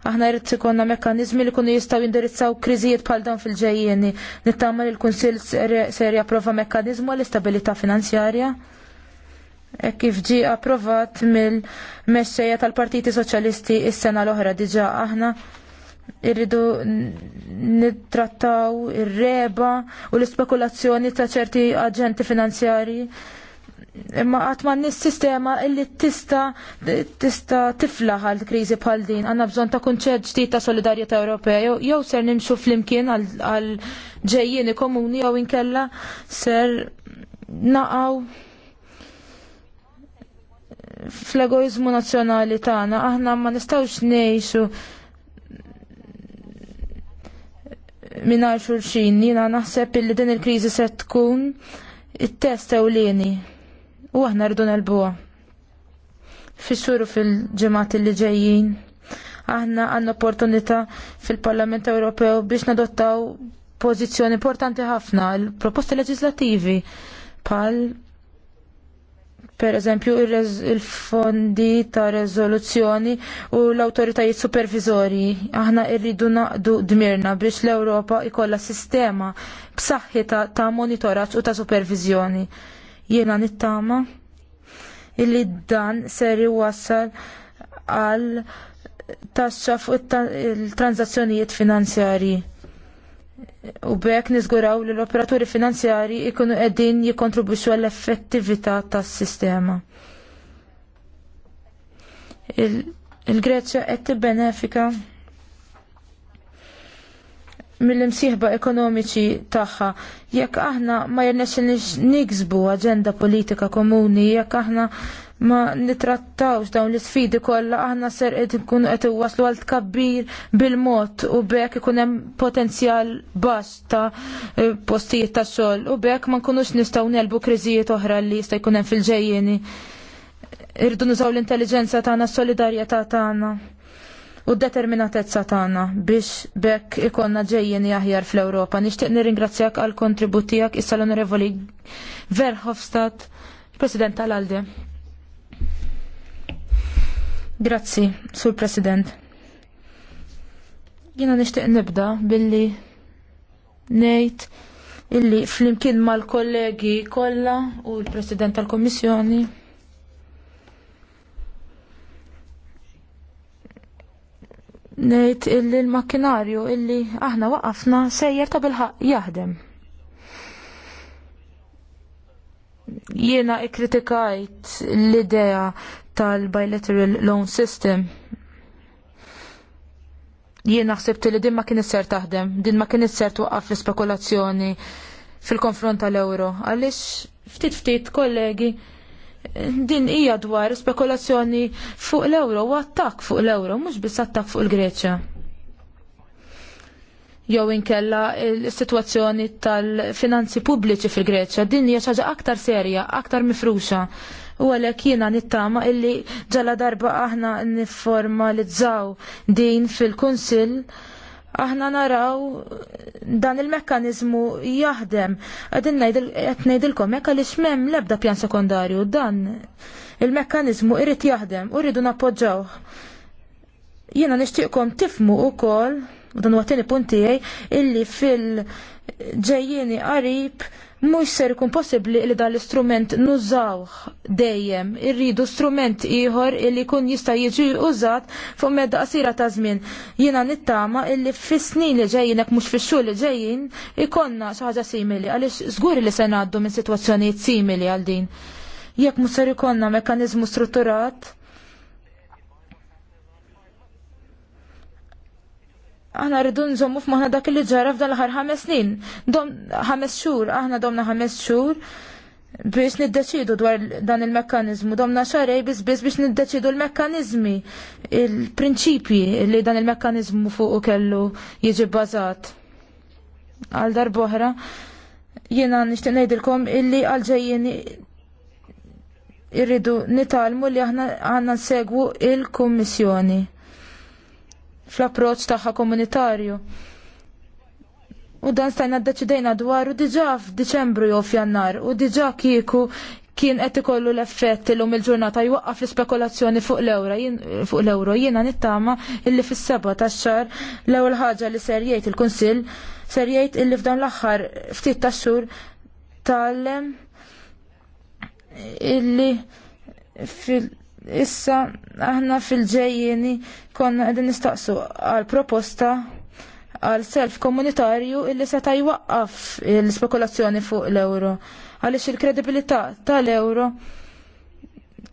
Aħna jrid ikonna mekkaniżmi li kunu jistgħu jindirizzaw kriżijiet bħal dan fil-ġejjieni. Nittama li l-Kunsill ser japprova mekkaniżmu għall-istabilità finanzjarja. Hekk kif ġi approvat mill-mexxejja tal-Partiti Soċjalisti is-sena l-oħra diġà aħna irridu nittrattaw ir-reba u l-ispekulazzjoni ta' ċerti aġenti finanzjarji imma għatman nis-sistema illi tista tista tiflaħ għal krizi bħal din għanna bżon ta' kunċed ġdid ta' solidarjetà Ewropea jew ser nimxu flimkien għal ġejjini komuni jew inkella ser naqaw fl-egoizmu nazzjonali tagħna aħna ma nistgħux ngħixu mingħajr xulxin jiena naħseb illi din il-kriżi se tkun it-test ewlieni u aħna rridu nelbuha. fix fil ġemat li ġejjin aħna għandna opportunità fil-Parlament Ewropew biex nadottaw pożizzjoni importanti ħafna l-proposti leġislattivi pal per eżempju il-fondi ta' rezoluzzjoni u l-autoritajiet supervizori. Aħna irridu naqdu dmirna biex l-Europa ikolla sistema b'saħħita ta' monitorat u ta' supervizjoni. Jiena nittama illi dan ser wasal għal taxxa fuq il-transazzjonijiet finanzjarji. U bekk niżguraw li l-operaturi finanzjarji ikunu qegħdin jikkontribwixxu għall-effettività tas-sistema. Il-Greċja qed tibbenefika mill-imsieħba ekonomiċi tagħha. Jekk aħna ma jirnexxilniex niksbu aġenda politika komuni, jekk aħna ma nitrattawx dawn l-isfidi kollha aħna ser qed nkunu qed iwaslu għal tkabbir bil-mod u bekk ikun hemm potenzjal baxx ta' e, postijiet ta' xogħol u bekk ma nkunux nistgħu nelbu kriżijiet oħra li jista' jkun hemm fil ġejjieni Irridu nużaw l-intelligenza tagħna, s-solidarjetà tagħna. Ta u d-determinatezza tagħna biex bekk ikonna ġejjien aħjar fl-Ewropa. Nixtieq nirringrazzjak għal kontribut tiegħek issa l-Onorevoli Verhofstadt, President tal-Alde. Grazzi, Sur President. Jiena nixtieq nibda billi ngħid illi flimkien mal-kollegi kollha u l-President tal-Kommissjoni ngħid illi l-makkinarju illi aħna waqafna sejjer ta' bilħaq jaħdem. Jiena ikkritikajt l-idea tal-bilateral loan system Jiena naħseb li din ma kien isser taħdem, din ma kien isser twaqqaf l-spekulazzjoni fil-konfront tal-euro. Għaliex ftit ftit kollegi din hija dwar spekulazzjoni fuq l-euro u attak fuq l-euro, mhux biss attak fuq il-Greċja. Jew inkella l-sitwazzjoni tal-finanzi pubbliċi fil-Greċja, din hija xi ħaġa aktar serja, aktar mifruxa. U għalhekk jiena nittama illi ġala darba aħna nifformalizzaw din fil-Kunsill aħna naraw dan il-mekkanizmu jaħdem. Għadin ngħidilkom jekk għaliex m'hemm l-ebda pjan sekondarju dan il-mekkanizmu irrit jaħdem u rridu Jena Jiena nixtieqkom tifmu wkoll u dan huwa tieni punt tiegħi illi fil ġejjini qarib mhux ser ikun possibbli li dan l-istrument nużawh dejjem irridu strument ieħor li jkun jista' jiġi użat fuq medda qasira ta' żmien. Jiena nittama illi fis-snin li ġejjin hekk mhux fix-xhur li ġejjin ikonna xi ħaġa simili għaliex żgur li se ngħaddu minn sitwazzjonijiet simili għal din. Jekk mhux ser ikonna mekkaniżmu strutturat, aħna rridu nżommu f'maħna dak li ġara f'dan l-ħar ħames snin. Dom ħames xhur, aħna domna ħames xhur biex niddeċidu dwar dan il-mekkanizmu. Domna xarej biex biex biex niddeċidu l-mekkanizmi, il-prinċipji li dan il-mekkanizmu fuq u kellu jiġi bbażat. Għal darboħra, jiena nixtieq ngħidilkom illi ġejjin irridu nitalmu li aħna għandna nsegwu il-kummissjoni fl-approċ tagħha komunitarju. U dan stajna d-deċidejna dwaru diġa f'Diċembru jew f'Jannar u diġa kieku kien qed ikollu l-effett illum il-ġurnata jwaqqaf l-spekulazzjoni fuq l-euro fuq l-euro jiena nittama illi fis-seba tax-xahar l-ewwel ħaġa li ser jgħid il-Kunsill ser jgħid illi f'dan l-aħħar ftit tax-xhur tal illi fil issa aħna fil-ġejjeni konna qegħdin nistaqsu għal proposta għal self komunitarju illi seta' jwaqqaf l-spekulazzjoni fuq l-euro għaliex il-kredibilità tal-euro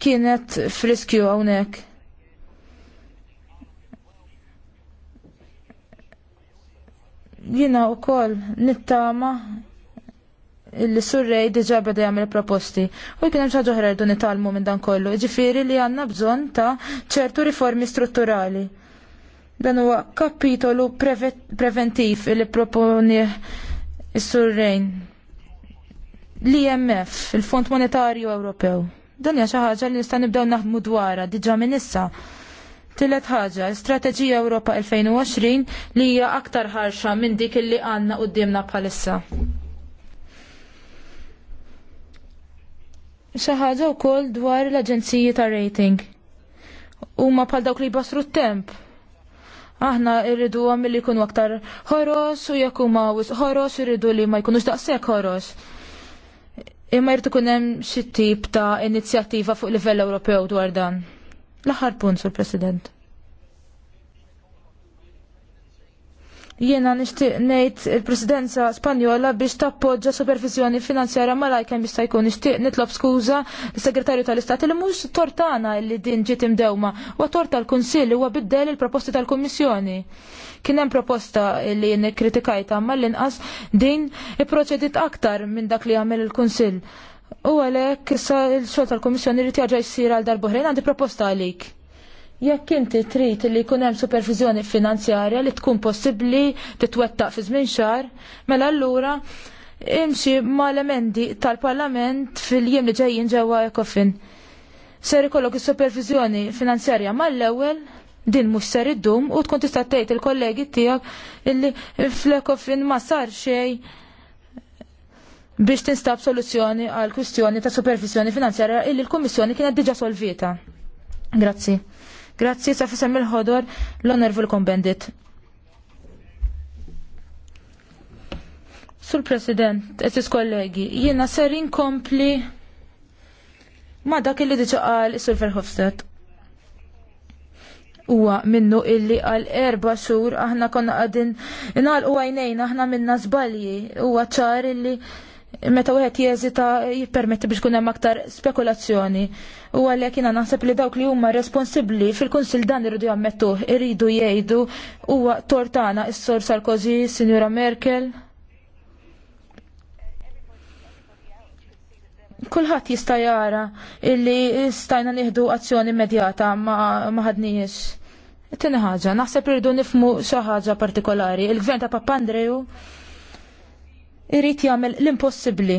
kienet friskju hawnhekk. Jina u kol nittama il-surrej diġa bada jagħmel proposti. U jkunem hemm xi ħaġa oħra nitalmu minn dan kollu, ġifieri li għandna bżonn ta' ċertu riformi strutturali. Dan huwa kapitolu preventiv li proponi s surrejn L-IMF, il-Fond Monetarju Ewropew. Dan hija xi ħaġa li nista' nibdew naħdmu dwarha diġà minn issa. Tillet ħaġa, strateġija Ewropa 2020 li hija aktar ħarxa minn dik illi għandna qudiemna bħalissa. Xi u wkoll dwar l-aġenziji ta' rating. Huma bħal dawk li basru t-temp. Aħna irridu għam li jkunu aktar ħoros u ma huma ħoros irridu li ma jkunux daqshekk ħoros. Imma jrid kunem hemm ta' inizjattiva fuq livell Ewropew dwar dan. L-aħħar punt, Sur President. Jiena nixtieq ngħid il-Presidenza Spanjola biex tappoġġa supervizjoni finanzjarja malaj kemm jista' jkun nixtieq nitlob skuża l-Segretarju tal-Istat li mhux tortana li din ġiet imdewma, u torta tal-Kunsill huwa biddel il-proposti tal-Kummissjoni. Kien hemm proposta li nikkritikajta ma l-inqas din ipproċedit aktar minn dak li għamel il-Kunsill. U għalhekk issa l-xogħol tal-Kummissjoni rid jarġa' jsir għal darbohrejn għandi proposta għalik Jekk inti trid li jkun hemm supervizjoni finanzjarja li tkun possibbli titwettaq fi żmien xahar, mela allura imxi mal-emendi tal-Parlament fil-jiem li ġejjin ġewwa Ekofin. Ser ikollok is-supervizjoni finanzjarja mal-ewwel din mhux ser iddum u tkun tista' tgħid il-kollegi tiegħek illi fl-Ekofin ma sar xejn biex tinstab soluzzjoni għal kwistjoni ta' supervizjoni finanzjarja illi l-Kummissjoni kienet diġà solvita. Grazzi. Grazzi sa fisem il-ħodor l onor fil kombendit Sur President, eżis kollegi, jiena ser inkompli ma dak li diċa għal Sur Verhofstadt. Uwa minnu illi għal erba xur aħna konna għadin inqal u għajnejn aħna minna zbalji uwa ċar illi meta wieħed jeżita jippermetti biex kun hemm aktar spekulazzjoni. U għalhekk jiena naħseb li dawk li huma responsibbli fil kunsill dan irridu jammettuh, irridu jgħidu huwa tortana s sor Sarkozy, Sinjura Merkel. Kulħadd jista' jara illi stajna nieħdu azzjoni immedjata ma ħadniex. Tieni ħaġa, naħseb irridu nifmu xi ħaġa partikolari. Il-gvern ta' Papandreju irrit jagħmel l-impossibbli.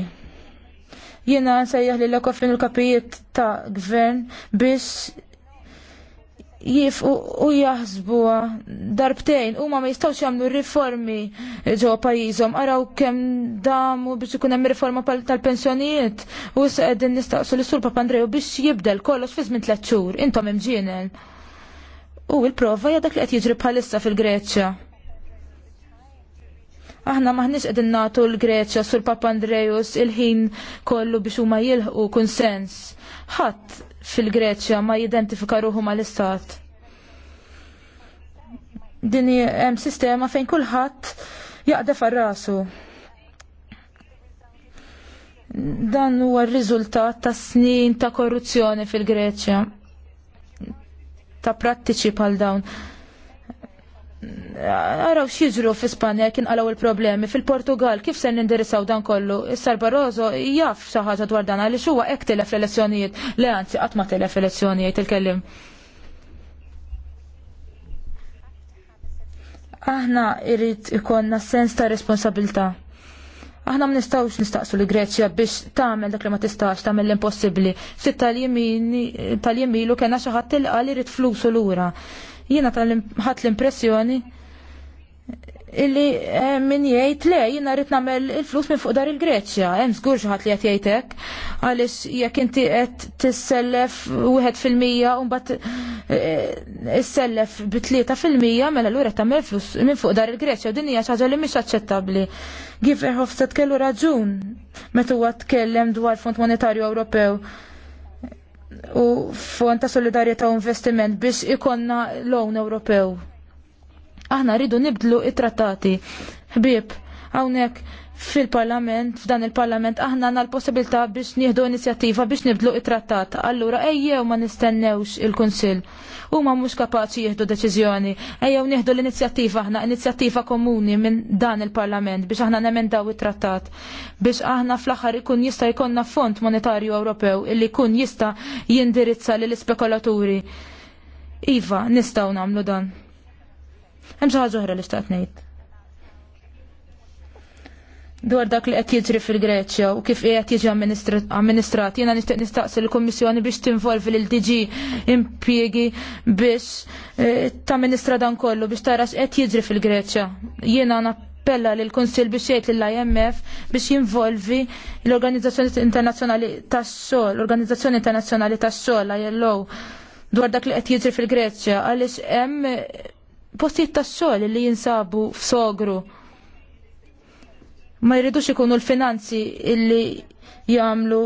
Jiena nsejjaħ li l-ekofin il-kapijiet ta' gvern biex jif u jaħsbuha darbtejn huma ma jistgħux jagħmlu riformi ġo pajjiżhom araw kemm damu biex ikun hemm riforma tal-pensjonijiet u issa qegħdin nistaqsu lis-sur Andrew biex jibdel kollox fi żmien tliet xhur intom imġienel. U l prova hija dak li qed jiġri bħalissa fil-Greċja. Aħna maħniex qegħdin nagħtu l-Greċja sur Papandrejus il-ħin kollu biex huma jilħqu konsens. Ħadd fil-Greċja ma jidentifika ruħu mal-Istat. Din hemm sistema fejn kulħadd jaqdef rasu dan huwa r-riżultat ta' snin ta' korruzzjoni fil-Greċja. Ta' prattiċi bħal dawn. Araw xieġru fi Spanja kien għalaw il-problemi fil-Portugal kif se nindirisaw dan kollu. Issar Barroso jaf xaħġa dwar dan għaliex huwa hekk telef l-elezzjonijiet. Le anzi qatt ma telef l-elezzjonijiet il-kellim. Aħna irrid ikonna sens ta' responsabilta' aħna mnistawx nistaqsu li Greċja biex tagħmel dak li ma tistax tagħmel l-impossibbli. Sitt tal-jemilu kena xi ħadd tilqa li rid flusu lura. Jiena tal-ħat l-impressjoni illi eh, min jgħid le jina rrit nagħmel il-flus minn fuq dar il-Greċja, hemm żgur xi ħadd li qed jgħid hekk għaliex jekk inti qed tissellef wieħed fil-mija u mbagħad eh, sellef bit tlieta fil-mija mela lura qed tagħmel flus minn fuq dar il-Greċja u din hija xi ħaġa li mhix aċċettabbli. t kellu raġun meta għat tkellem dwar Fond Monetarju Ewropew u fond ta' solidarjetà u investiment biex ikonna l-own Ewropew. Aħna rridu nibdlu it-trattati. Ħbieb, hawnhekk fil-parlament, f'dan il-parlament, aħna għanna l-possibilità biex nieħdu inizjattiva biex nibdlu it trattat Allura, ejjew ma nistennewx il-Kunsill. U ma mux kapaċi jieħdu deċiżjoni. Ejjew nieħdu l-inizjattiva aħna, inizjattiva komuni minn dan il-parlament biex aħna nemendaw it-trattat. Biex aħna fl-aħħar ikun jista' jkollna fond monetarju Ewropew illi jkun jista' jindirizza lill ispekulaturi Iva, nistgħu nagħmlu dan. Hemm xi ħaġa oħra li xtaqt ngħid dwar dak li qed jiġri fil-Greċja u kif qed jiġi amministrat. Jiena nixtieq nistaqsi l-Kummissjoni biex tinvolvi lil DG impjiegi biex eh, tamministra dan kollu biex tara x'qed jiġri fil-Greċja. Jiena nappella lil kunsill biex jgħid lill-IMF biex jinvolvi l-Organizzazzjoni Internazzjonali tax-Xogħol, l-Organizzazzjoni Internazzjonali tax-Xogħol ILO dwar dak li qed jiġri fil-Greċja għaliex hemm postijiet tax-xogħol li jinsabu f'sogru ma jridux ikunu l-finanzi illi jagħmlu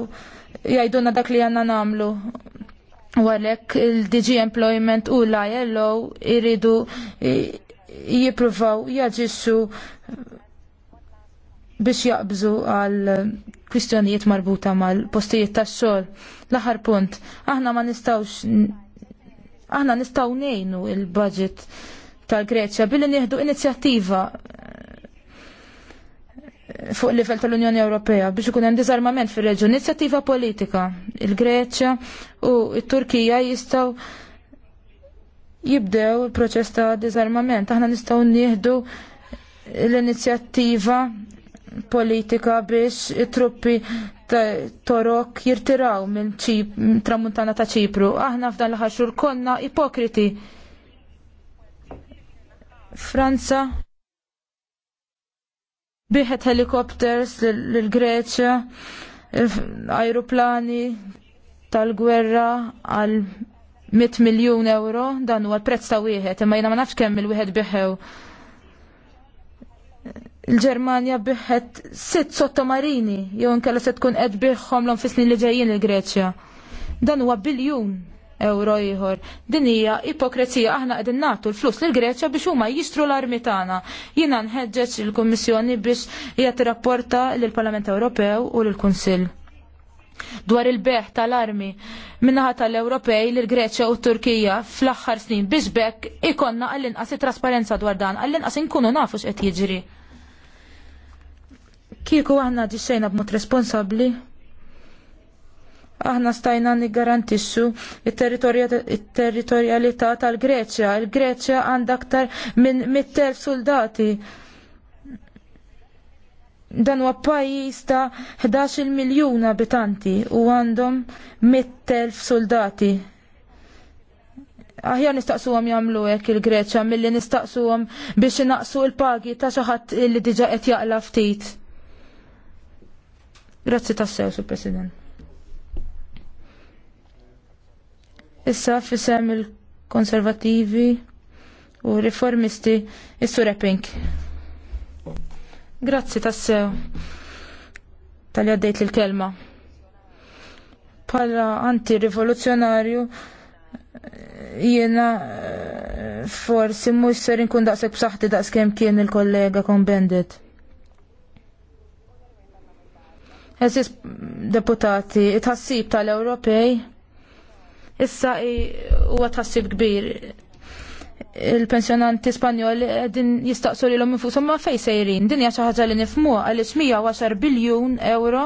jgħidulna dak li għandna nagħmlu. U għalhekk il-DG Employment u l-ILO jridu jippruvaw jaġissu biex jaqbżu għal kwistjonijiet marbuta mal-postijiet tax-xogħol. L-aħħar punt, aħna ma nistgħux aħna nistgħu ngħinu il-budget tal-Greċja billi nieħdu inizjattiva fuq livell tal-Unjoni Ewropea biex ikun hemm diżarmament fir-reġjun. Inizjattiva politika il-Greċja u t-Turkija jistgħu jibdew il-proċess ta' diżarmament. Aħna nistgħu nieħdu l-inizjattiva politika biex it-truppi torok jirtiraw minn tramuntana ta' ċipru. Aħna f'dan l-ħaxur konna ipokriti. Franza biħet helikopters l-Greċja, aeroplani tal-gwerra għal 100 miljon euro, dan huwa l-prezz ta' wieħed, imma jiena ma nafx kemm il-wieħed biħew. Il-Ġermanja biħet sitt sottomarini, jew inkella se tkun qed biħħom l onfisni fis-snin li ġejjin il-Greċja. Dan huwa biljun euro ieħor. Din hija ipokrezija aħna qegħdin nagħtu l-flus lill Greċja biex huma jistru l-armi tagħna. Jiena nħeġġeġ il-Kummissjoni biex hija tirrapporta lill-Parlament Ewropew u lill-Kunsill. Dwar il-beħ tal-armi minnaħa tal-Ewropej l Greċja u Turkija fl-aħħar snin biex bekk ikonna għall-inqas trasparenza dwar dan, għall-inqas inkunu nafu x'qed jiġri. Kieku aħna ġixxejna b'mod responsabbli aħna stajna niggarantixxu it-territorjalità tal-Greċja. Il-Greċja għandha aktar minn mittel soldati. Dan huwa pajjiż ta' 11 miljun abitanti u għandhom mittel soldati. Aħjar nistaqsuhom jagħmlu hekk il-Greċja milli nistaqsuhom biex inaqsu l-pagi ta' xi ħadd li diġà qed jaqla ftit. Grazzi tassew, Sur President. Issa fisem il-konservativi u riformisti is repink. Grazzi tassew tal-li għaddejt l-kelma. Pala anti-rivoluzjonarju jiena eh, forsi mux ser inkun daqseg b'saħti daqs kem kien il-kollega kon bendit. Għazis deputati, tħassib tal-Ewropej issa huwa tħassib kbir il-pensjonanti Spanjol din jistaqsu li l-om infusom ma fej sejrin. Din hija xi ħaġa li nifmu għaliex 110 biljun euro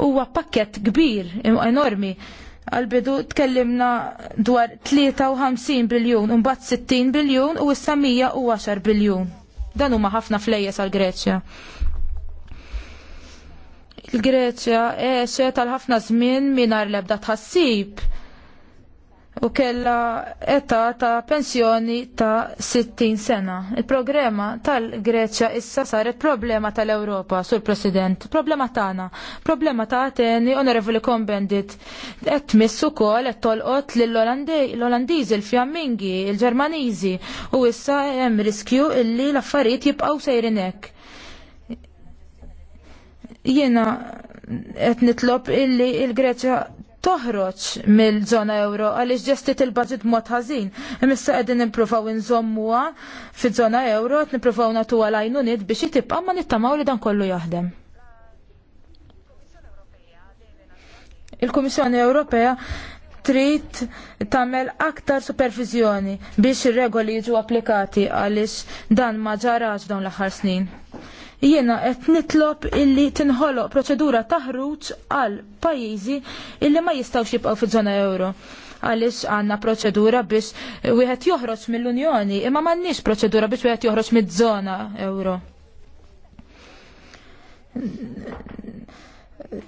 huwa pakket kbir enormi għal-bidu tkellimna dwar 53 biljun, mbagħad 60 biljun u issa 110 biljun. Dan huma ħafna flejjes għal Greċja. Il-Greċja għexet għal ħafna żmien mingħajr l-ebda tħassib u kella età ta' pensjoni ta' 60 sena. Il-programma tal-Greċja issa saret problema tal-Ewropa, sur President. Problema tagħna, problema ta' Ateni, Onorevoli Kombendit. Qed missu ukoll qed tolqot lill-Olandiżi, il-Fjammingi, l ġermaniżi u issa hemm riskju illi l-affarijiet jibqgħu sejrinek. hekk. Jiena qed nitlob illi il-Greċja toħroġ mill-żona euro għaliex ġestit il-budget mod ħażin. Imissa qegħdin nippruvaw inżommuha fiż-żona euro qed nippruvaw nagħtuha lajnuniet biex itibqa' ma nittamaw li dan kollu jaħdem. Il-Kummissjoni Ewropea trid tagħmel aktar supervizjoni biex ir-regoli jiġu applikati għaliex dan ma ġarax dawn l-aħħar snin jiena qed nitlob illi tinħoloq proċedura taħruġ għal pajjiżi illi ma jistgħux jibqgħu fiż-żona euro għaliex għandna proċedura biex wieħed joħroġ mill-Unjoni, imma m'għandniex proċedura biex wieħed joħroġ miż-żona euro.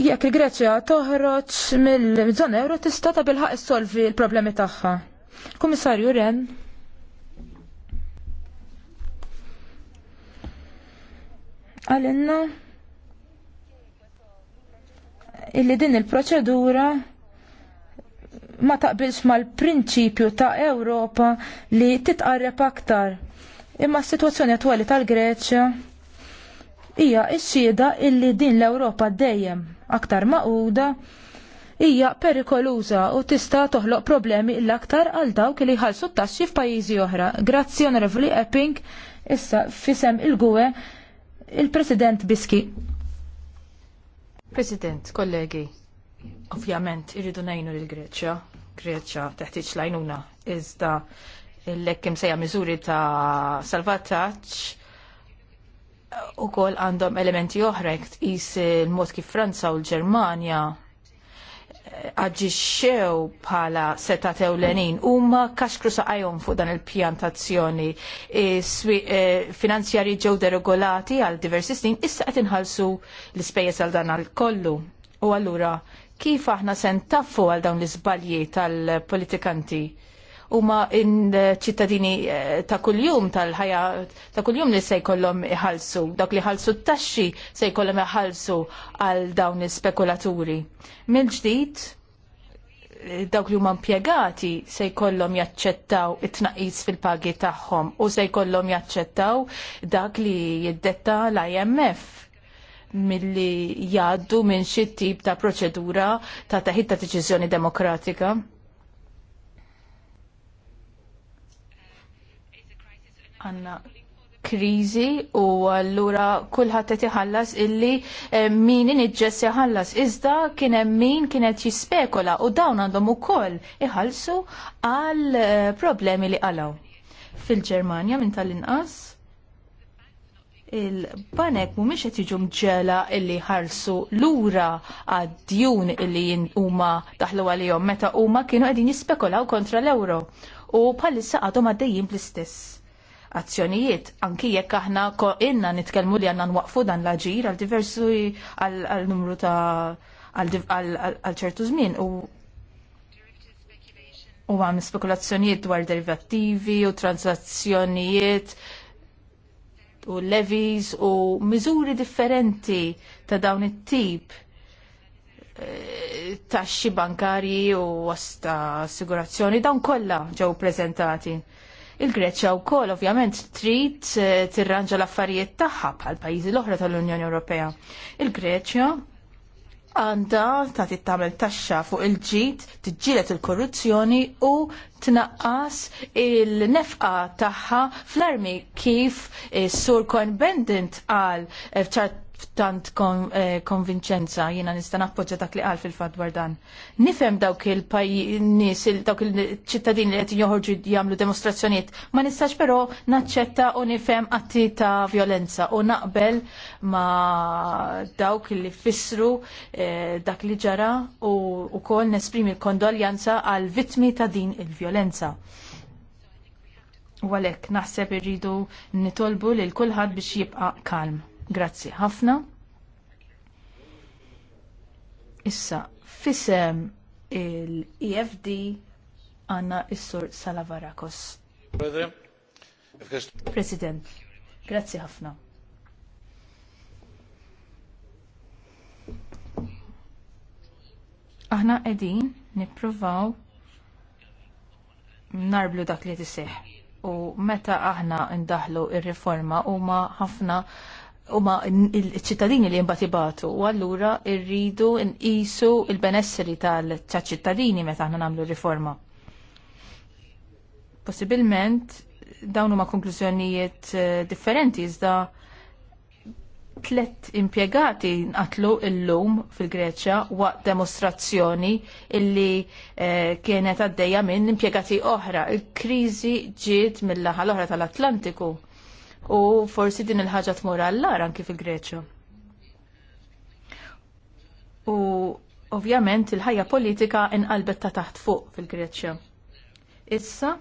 Jekk il-Greċja toħroġ mill-żona euro tista' ta' bilħaq issolvi l-problemi tagħha. Kummissarju Ren, għalinna illi din il-proċedura ma taqbilx mal-prinċipju ta' Ewropa li titqarreb aktar. Imma s-situazzjoni attwali tal-Greċja hija xxieda illi din l-Ewropa dejjem aktar maquda hija perikoluża u tista' toħloq problemi l-aktar għal dawk li jħallsu t-taxxi f'pajjiżi oħra. Grazzi Onorevoli Epping, issa fisem il-gwe Il-President Biski. President, kollegi, ovvjament irridu najnu l-Greċja. Greċja teħtieġ lajnuna iżda l-lekkim sejja miżuri ta' salvataċ u kol għandhom elementi oħra jkt il-mod kif Franza u l-Germania aġixxew bħala seta tewlenin huma kaxkru saqajhom fuq dan il-pjantazzjoni eh, finanzjarji ġew deregolati għal diversi snin issa qed inħallsu l-ispejjeż għal dan kollu. U allura kif aħna se ntaffu għal dawn l-iżbalji tal-politikanti? huma ċittadini eh, ta' kuljum tal-ħajja ta' kuljum li se jkollhom iħallsu, dak li ħallsu t-taxxi se jkollhom iħallsu għal dawn is-spekulaturi. Mill-ġdid, dawk li huma impjegati se jkollhom jaċċettaw it-tnaqqis fil-pagi tagħhom u se jkollhom jaċċettaw dak li jiddetta l-IMF milli jgħaddu minn xi tip ta' proċedura ta' taħid ta' deċiżjoni demokratika. għanna kriżi u allura kulħadd qed iħallas illi eh, min inġess iħallas. Iżda kien hemm min kienet jispekola u dawn għandhom ukoll iħallsu għal eh, problemi li qalaw. Fil-Ġermanja minn tal-inqas il-banek mhumiex qed jiġu mġela illi ħarsu lura għad-djun illi huma daħlu għalihom meta huma kienu qegħdin jispekolaw kontra l-ewro u bħalissa għadhom għaddejjin bl-istess azzjonijiet, anki jekk aħna inna nitkellmu li għanna nwaqfu dan l-aġir għal diversu għal numru ta' għal ċertu żmien u u għam spekulazzjonijiet dwar derivativi u transazzjonijiet u levies u miżuri differenti ta' dawn it-tip eh, taxxi bankarji u għasta assigurazzjoni dawn kollha ġew prezentati il-Greċja wkoll ovvjament trid eh, tirranġa l-affarijiet tagħha bħal pajjiżi l-oħra tal-Unjoni Ewropea. Il-Greċja għandha ta' tittamel taxxa fuq il-ġid, tiġġielet il-korruzzjoni u tnaqqas il-nefqa tagħha fl-armi kif sur Cohen Bendent għal eh, fċart f'tant eh, konvinċenza jina nista' nappoġġa dak li qal fil-fatt dwar dan. Nifhem dawk il-nies dawk il-ċittadini li qed joħorġu jagħmlu demostrazzjonijiet, ma nistax però naċċetta u nifhem atti ta' violenza u naqbel ma dawk li fissru eh, dak li ġara u wkoll nesprimi l-kondoljanza għal vittmi ta' din il-violenza. U għalhekk naħseb irridu nitolbu lil kulħadd biex jibqa' kalm. Grazzi ħafna. Issa, fisem il-EFD għanna is-sur Salavarakos. President, grazzi ħafna. Aħna qegħdin nippruvaw narblu dak li tiseħ u meta aħna il-reforma riforma huma ħafna ma il-ċittadini li jimbatibatu ibatu u allura rridu nqisu il-benesseri tal-ċittadini meta aħna nagħmlu riforma. Possibilment dawn huma konklużjonijiet eh, differenti iżda tlet impjegati nqatlu il-lum fil-Greċja waqt demostrazzjoni illi eh, kienet għaddejja minn impjegati oħra. Il-kriżi ġiet mill-laħa l-oħra tal-Atlantiku u forsi din il-ħaġa tmur għallar anki fil-Greċja. U ovvjament il-ħajja politika inqalbet ta' taħt fuq fil-Greċja. Issa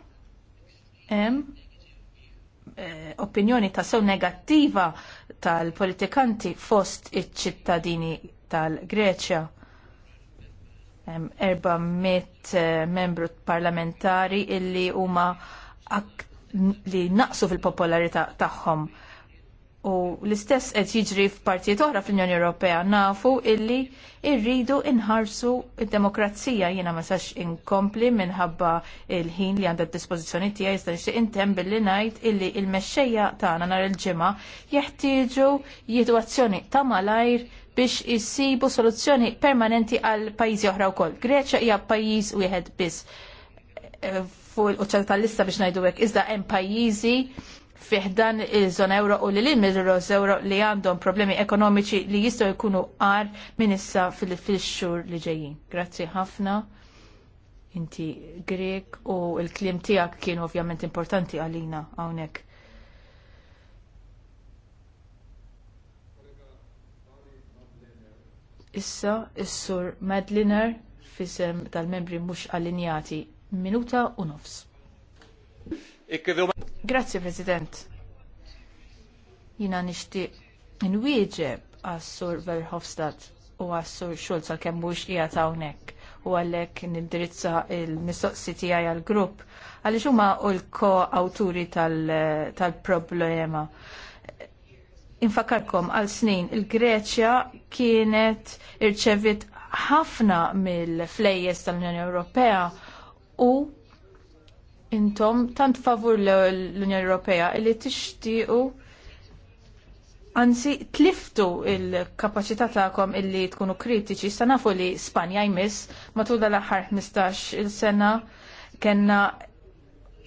hemm eh, opinjoni ta' sew negattiva tal-politikanti fost iċ-ċittadini tal-Greċja. 400 eh, membru parlamentari illi huma aktar li naqsu fil-popolarità tagħhom. U l-istess qed jiġri f'partijiet oħra fl-Unjoni Ewropea nafu illi rridu inħarsu d-demokrazija jiena ma sax inkompli minħabba il-ħin li għandha d-dispożizzjoni tiegħi jista' nixtieq intemm billi ngħid illi l-mexxejja tagħna nhar il-ġimgħa jeħtieġu jieħdu azzjoni ta' malajr biex issibu soluzzjoni permanenti għal pajjiżi oħra wkoll. Greċja hija pajjiż wieħed biss eh, fuq il-quċċata tal-lista biex ngħidu hekk iżda hemm pajjiżi fiħdan il-żona euro u li l-mirros euro li għandhom problemi ekonomiċi li jistgħu jkunu qar minn issa fil-xhur li ġejjin. Grazzi ħafna. Inti Grek u l-klim tiegħek kien ovvjament importanti għalina hawnhekk. Issa, is-sur Madliner fisem tal-membri mhux allinjati minuta u nofs. Grazie, President. Jina nishti nwieġeb għas-sur Verhofstadt u għas-sur Schulz għal-kem mux jgħat hawnhekk u għalhekk nindirizza il-mistoqsi tiegħi għall-grupp għaliex huma u l-ko-awturi tal-problema. Infakarkom għal snin il-Greċja kienet irċevit ħafna mill-flejjes tal-Unjoni Ewropea u intom tant favur l-Unjoni Ewropea li tixtiequ anzi tliftu il-kapacità tagħkom illi tkunu kritiċi sa nafu li Spanja jmiss matul l-aħħar 15 il-sena kenna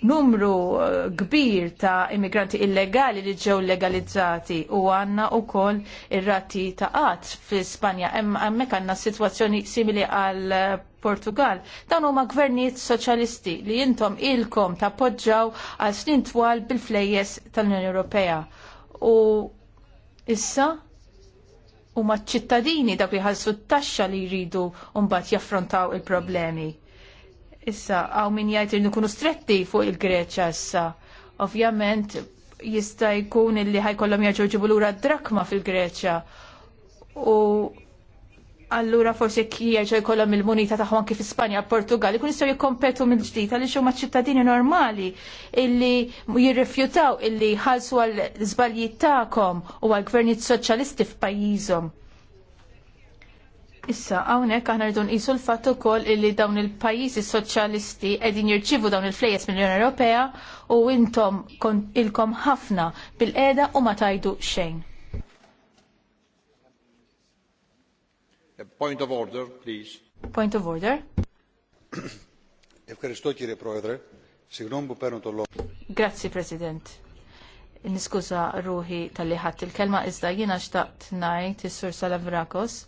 numru eh, kbir ta' immigranti illegali li ġew legalizzati u għanna u kol ir-rati ta' qatt fi Spanja. Hemmhekk għandna sitwazzjoni simili għal eh, Portugal. Dan huma gvernijiet soċjalisti li intom ilkom podġaw għal snin twal bil-flejjes tal-Unjoni Ewropea. U issa huma ċittadini dak li ħallsu t-taxxa li jridu mbagħad jaffrontaw il-problemi Issa, għaw min jajt li nkunu stretti fuq il-Greċa issa. Ovvjament, jista' jkun illi ħajkollhom jaġġorġu ġibu lura drakma fil-Greċa. U allura forsi kieġa jkollhom il-munita tagħhom kif Ispanja, Portugal, ikun jistgħu jikkompetu mill-ġdid għaliex huma ċittadini normali illi jirrifjutaw illi ħalsu għal żbaljiet tagħkom u għal gvernijiet soċjalisti f'pajjiżhom. Issa, hawnhekk aħna rridu nqisu l-fatt ukoll li dawn il-pajjiżi soċjalisti qegħdin jirċivu dawn il-flejjes mill-Unjoni Ewropea u intom ilkom ħafna bil-qiegħda u ma tajdu xejn. Point of order, please. Point of order. Ευχαριστώ κύριε Πρόεδρε. Συγγνώμη που παίρνω το λόγο. Grazie President. Niskuża ruħi tal liħat il-kelma iżda jiena xtaqt ngħid is-Sur Salavrakos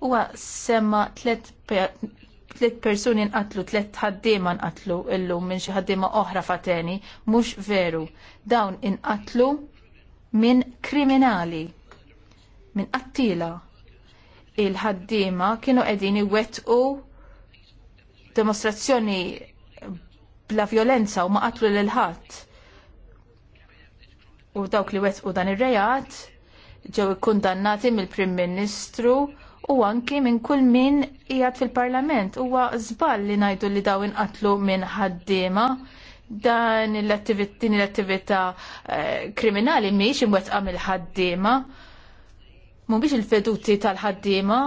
huwa semma tliet tlet persuni nqatlu, tliet ħaddiema nqatlu illum minn xi ħaddiema oħra fateni, mhux veru. Dawn inqatlu minn kriminali, minn qattila. Il-ħaddiema kienu qegħdin iwettqu demostrazzjoni bla violenza u ma qatlu lil ħadd. U dawk li wettqu dan ir-rejat ġew ikkundannati mill-Prim Ministru u anki minn kull min qiegħed fil-Parlament. Huwa żball li ngħidu li dawin inqatlu minn ħaddiema dan l-attività eh, kriminali mhijiex imwettqa mill-ħaddiema. Mhumiex il-feduti tal-ħaddiema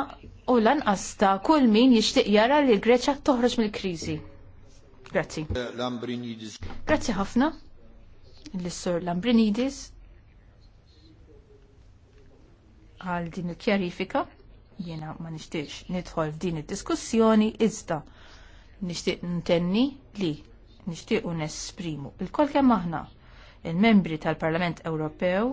u lanqas ta' kull min jixtieq jara li l-Greċja toħroġ mill-kriżi. Grazzi. Lambrinidis. Grazzi ħafna. L-Sur Lambrinidis. Għal din il-kjarifika. Jiena ma nixtiex nidħol f'din id-diskussjoni iżda nixtieq ntenni li nixtiequ nesprimu il-kol kemm aħna il-membri tal-Parlament Ewropew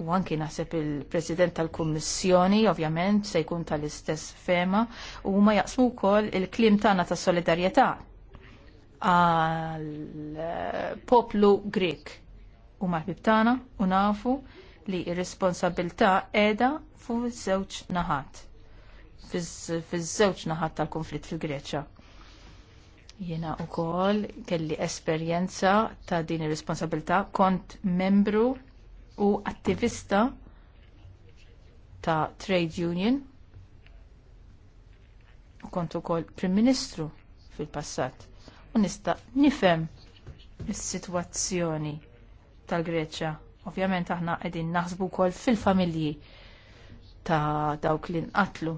u anki naħseb il-President tal-Kummissjoni, ovvjament, se jkun tal-istess fema, u ma jaqsmu kol il-klim tagħna ta' solidarjetà għal eh, poplu Grek u bib tagħna u nafu li r-responsabilità qiegħda fuq żewġ naħat fiż-żewġ naħat tal-konflitt fil-Greċja. Jiena wkoll kelli esperjenza ta' din ir-responsabilità kont membru u attivista ta' trade union u kont ukoll Prim Ministru fil-passat u nista' nifhem is-sitwazzjoni tal-Greċja Ovvjament aħna qegħdin naħsbu wkoll fil-familji ta' dawk li nqatlu.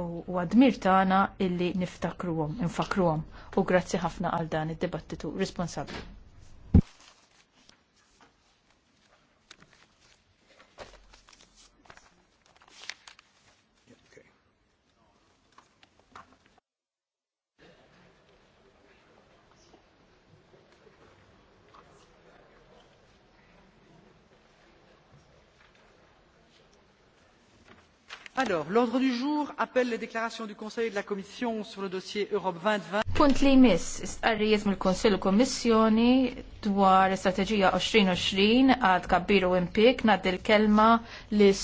U għadmir tagħna illi niftakruhom, infakruhom. U grazzi ħafna għal dan id-dibattitu responsabbli. Alors, l'ordre du jour appelle les déclarations du Conseil et de la Commission sur le dossier Europe 2020. Punt li jmiss, istqarrijiet mill-Konsil u Kommissjoni dwar strategija istrateġija 2020 għad kabbiru impik nad il-kelma li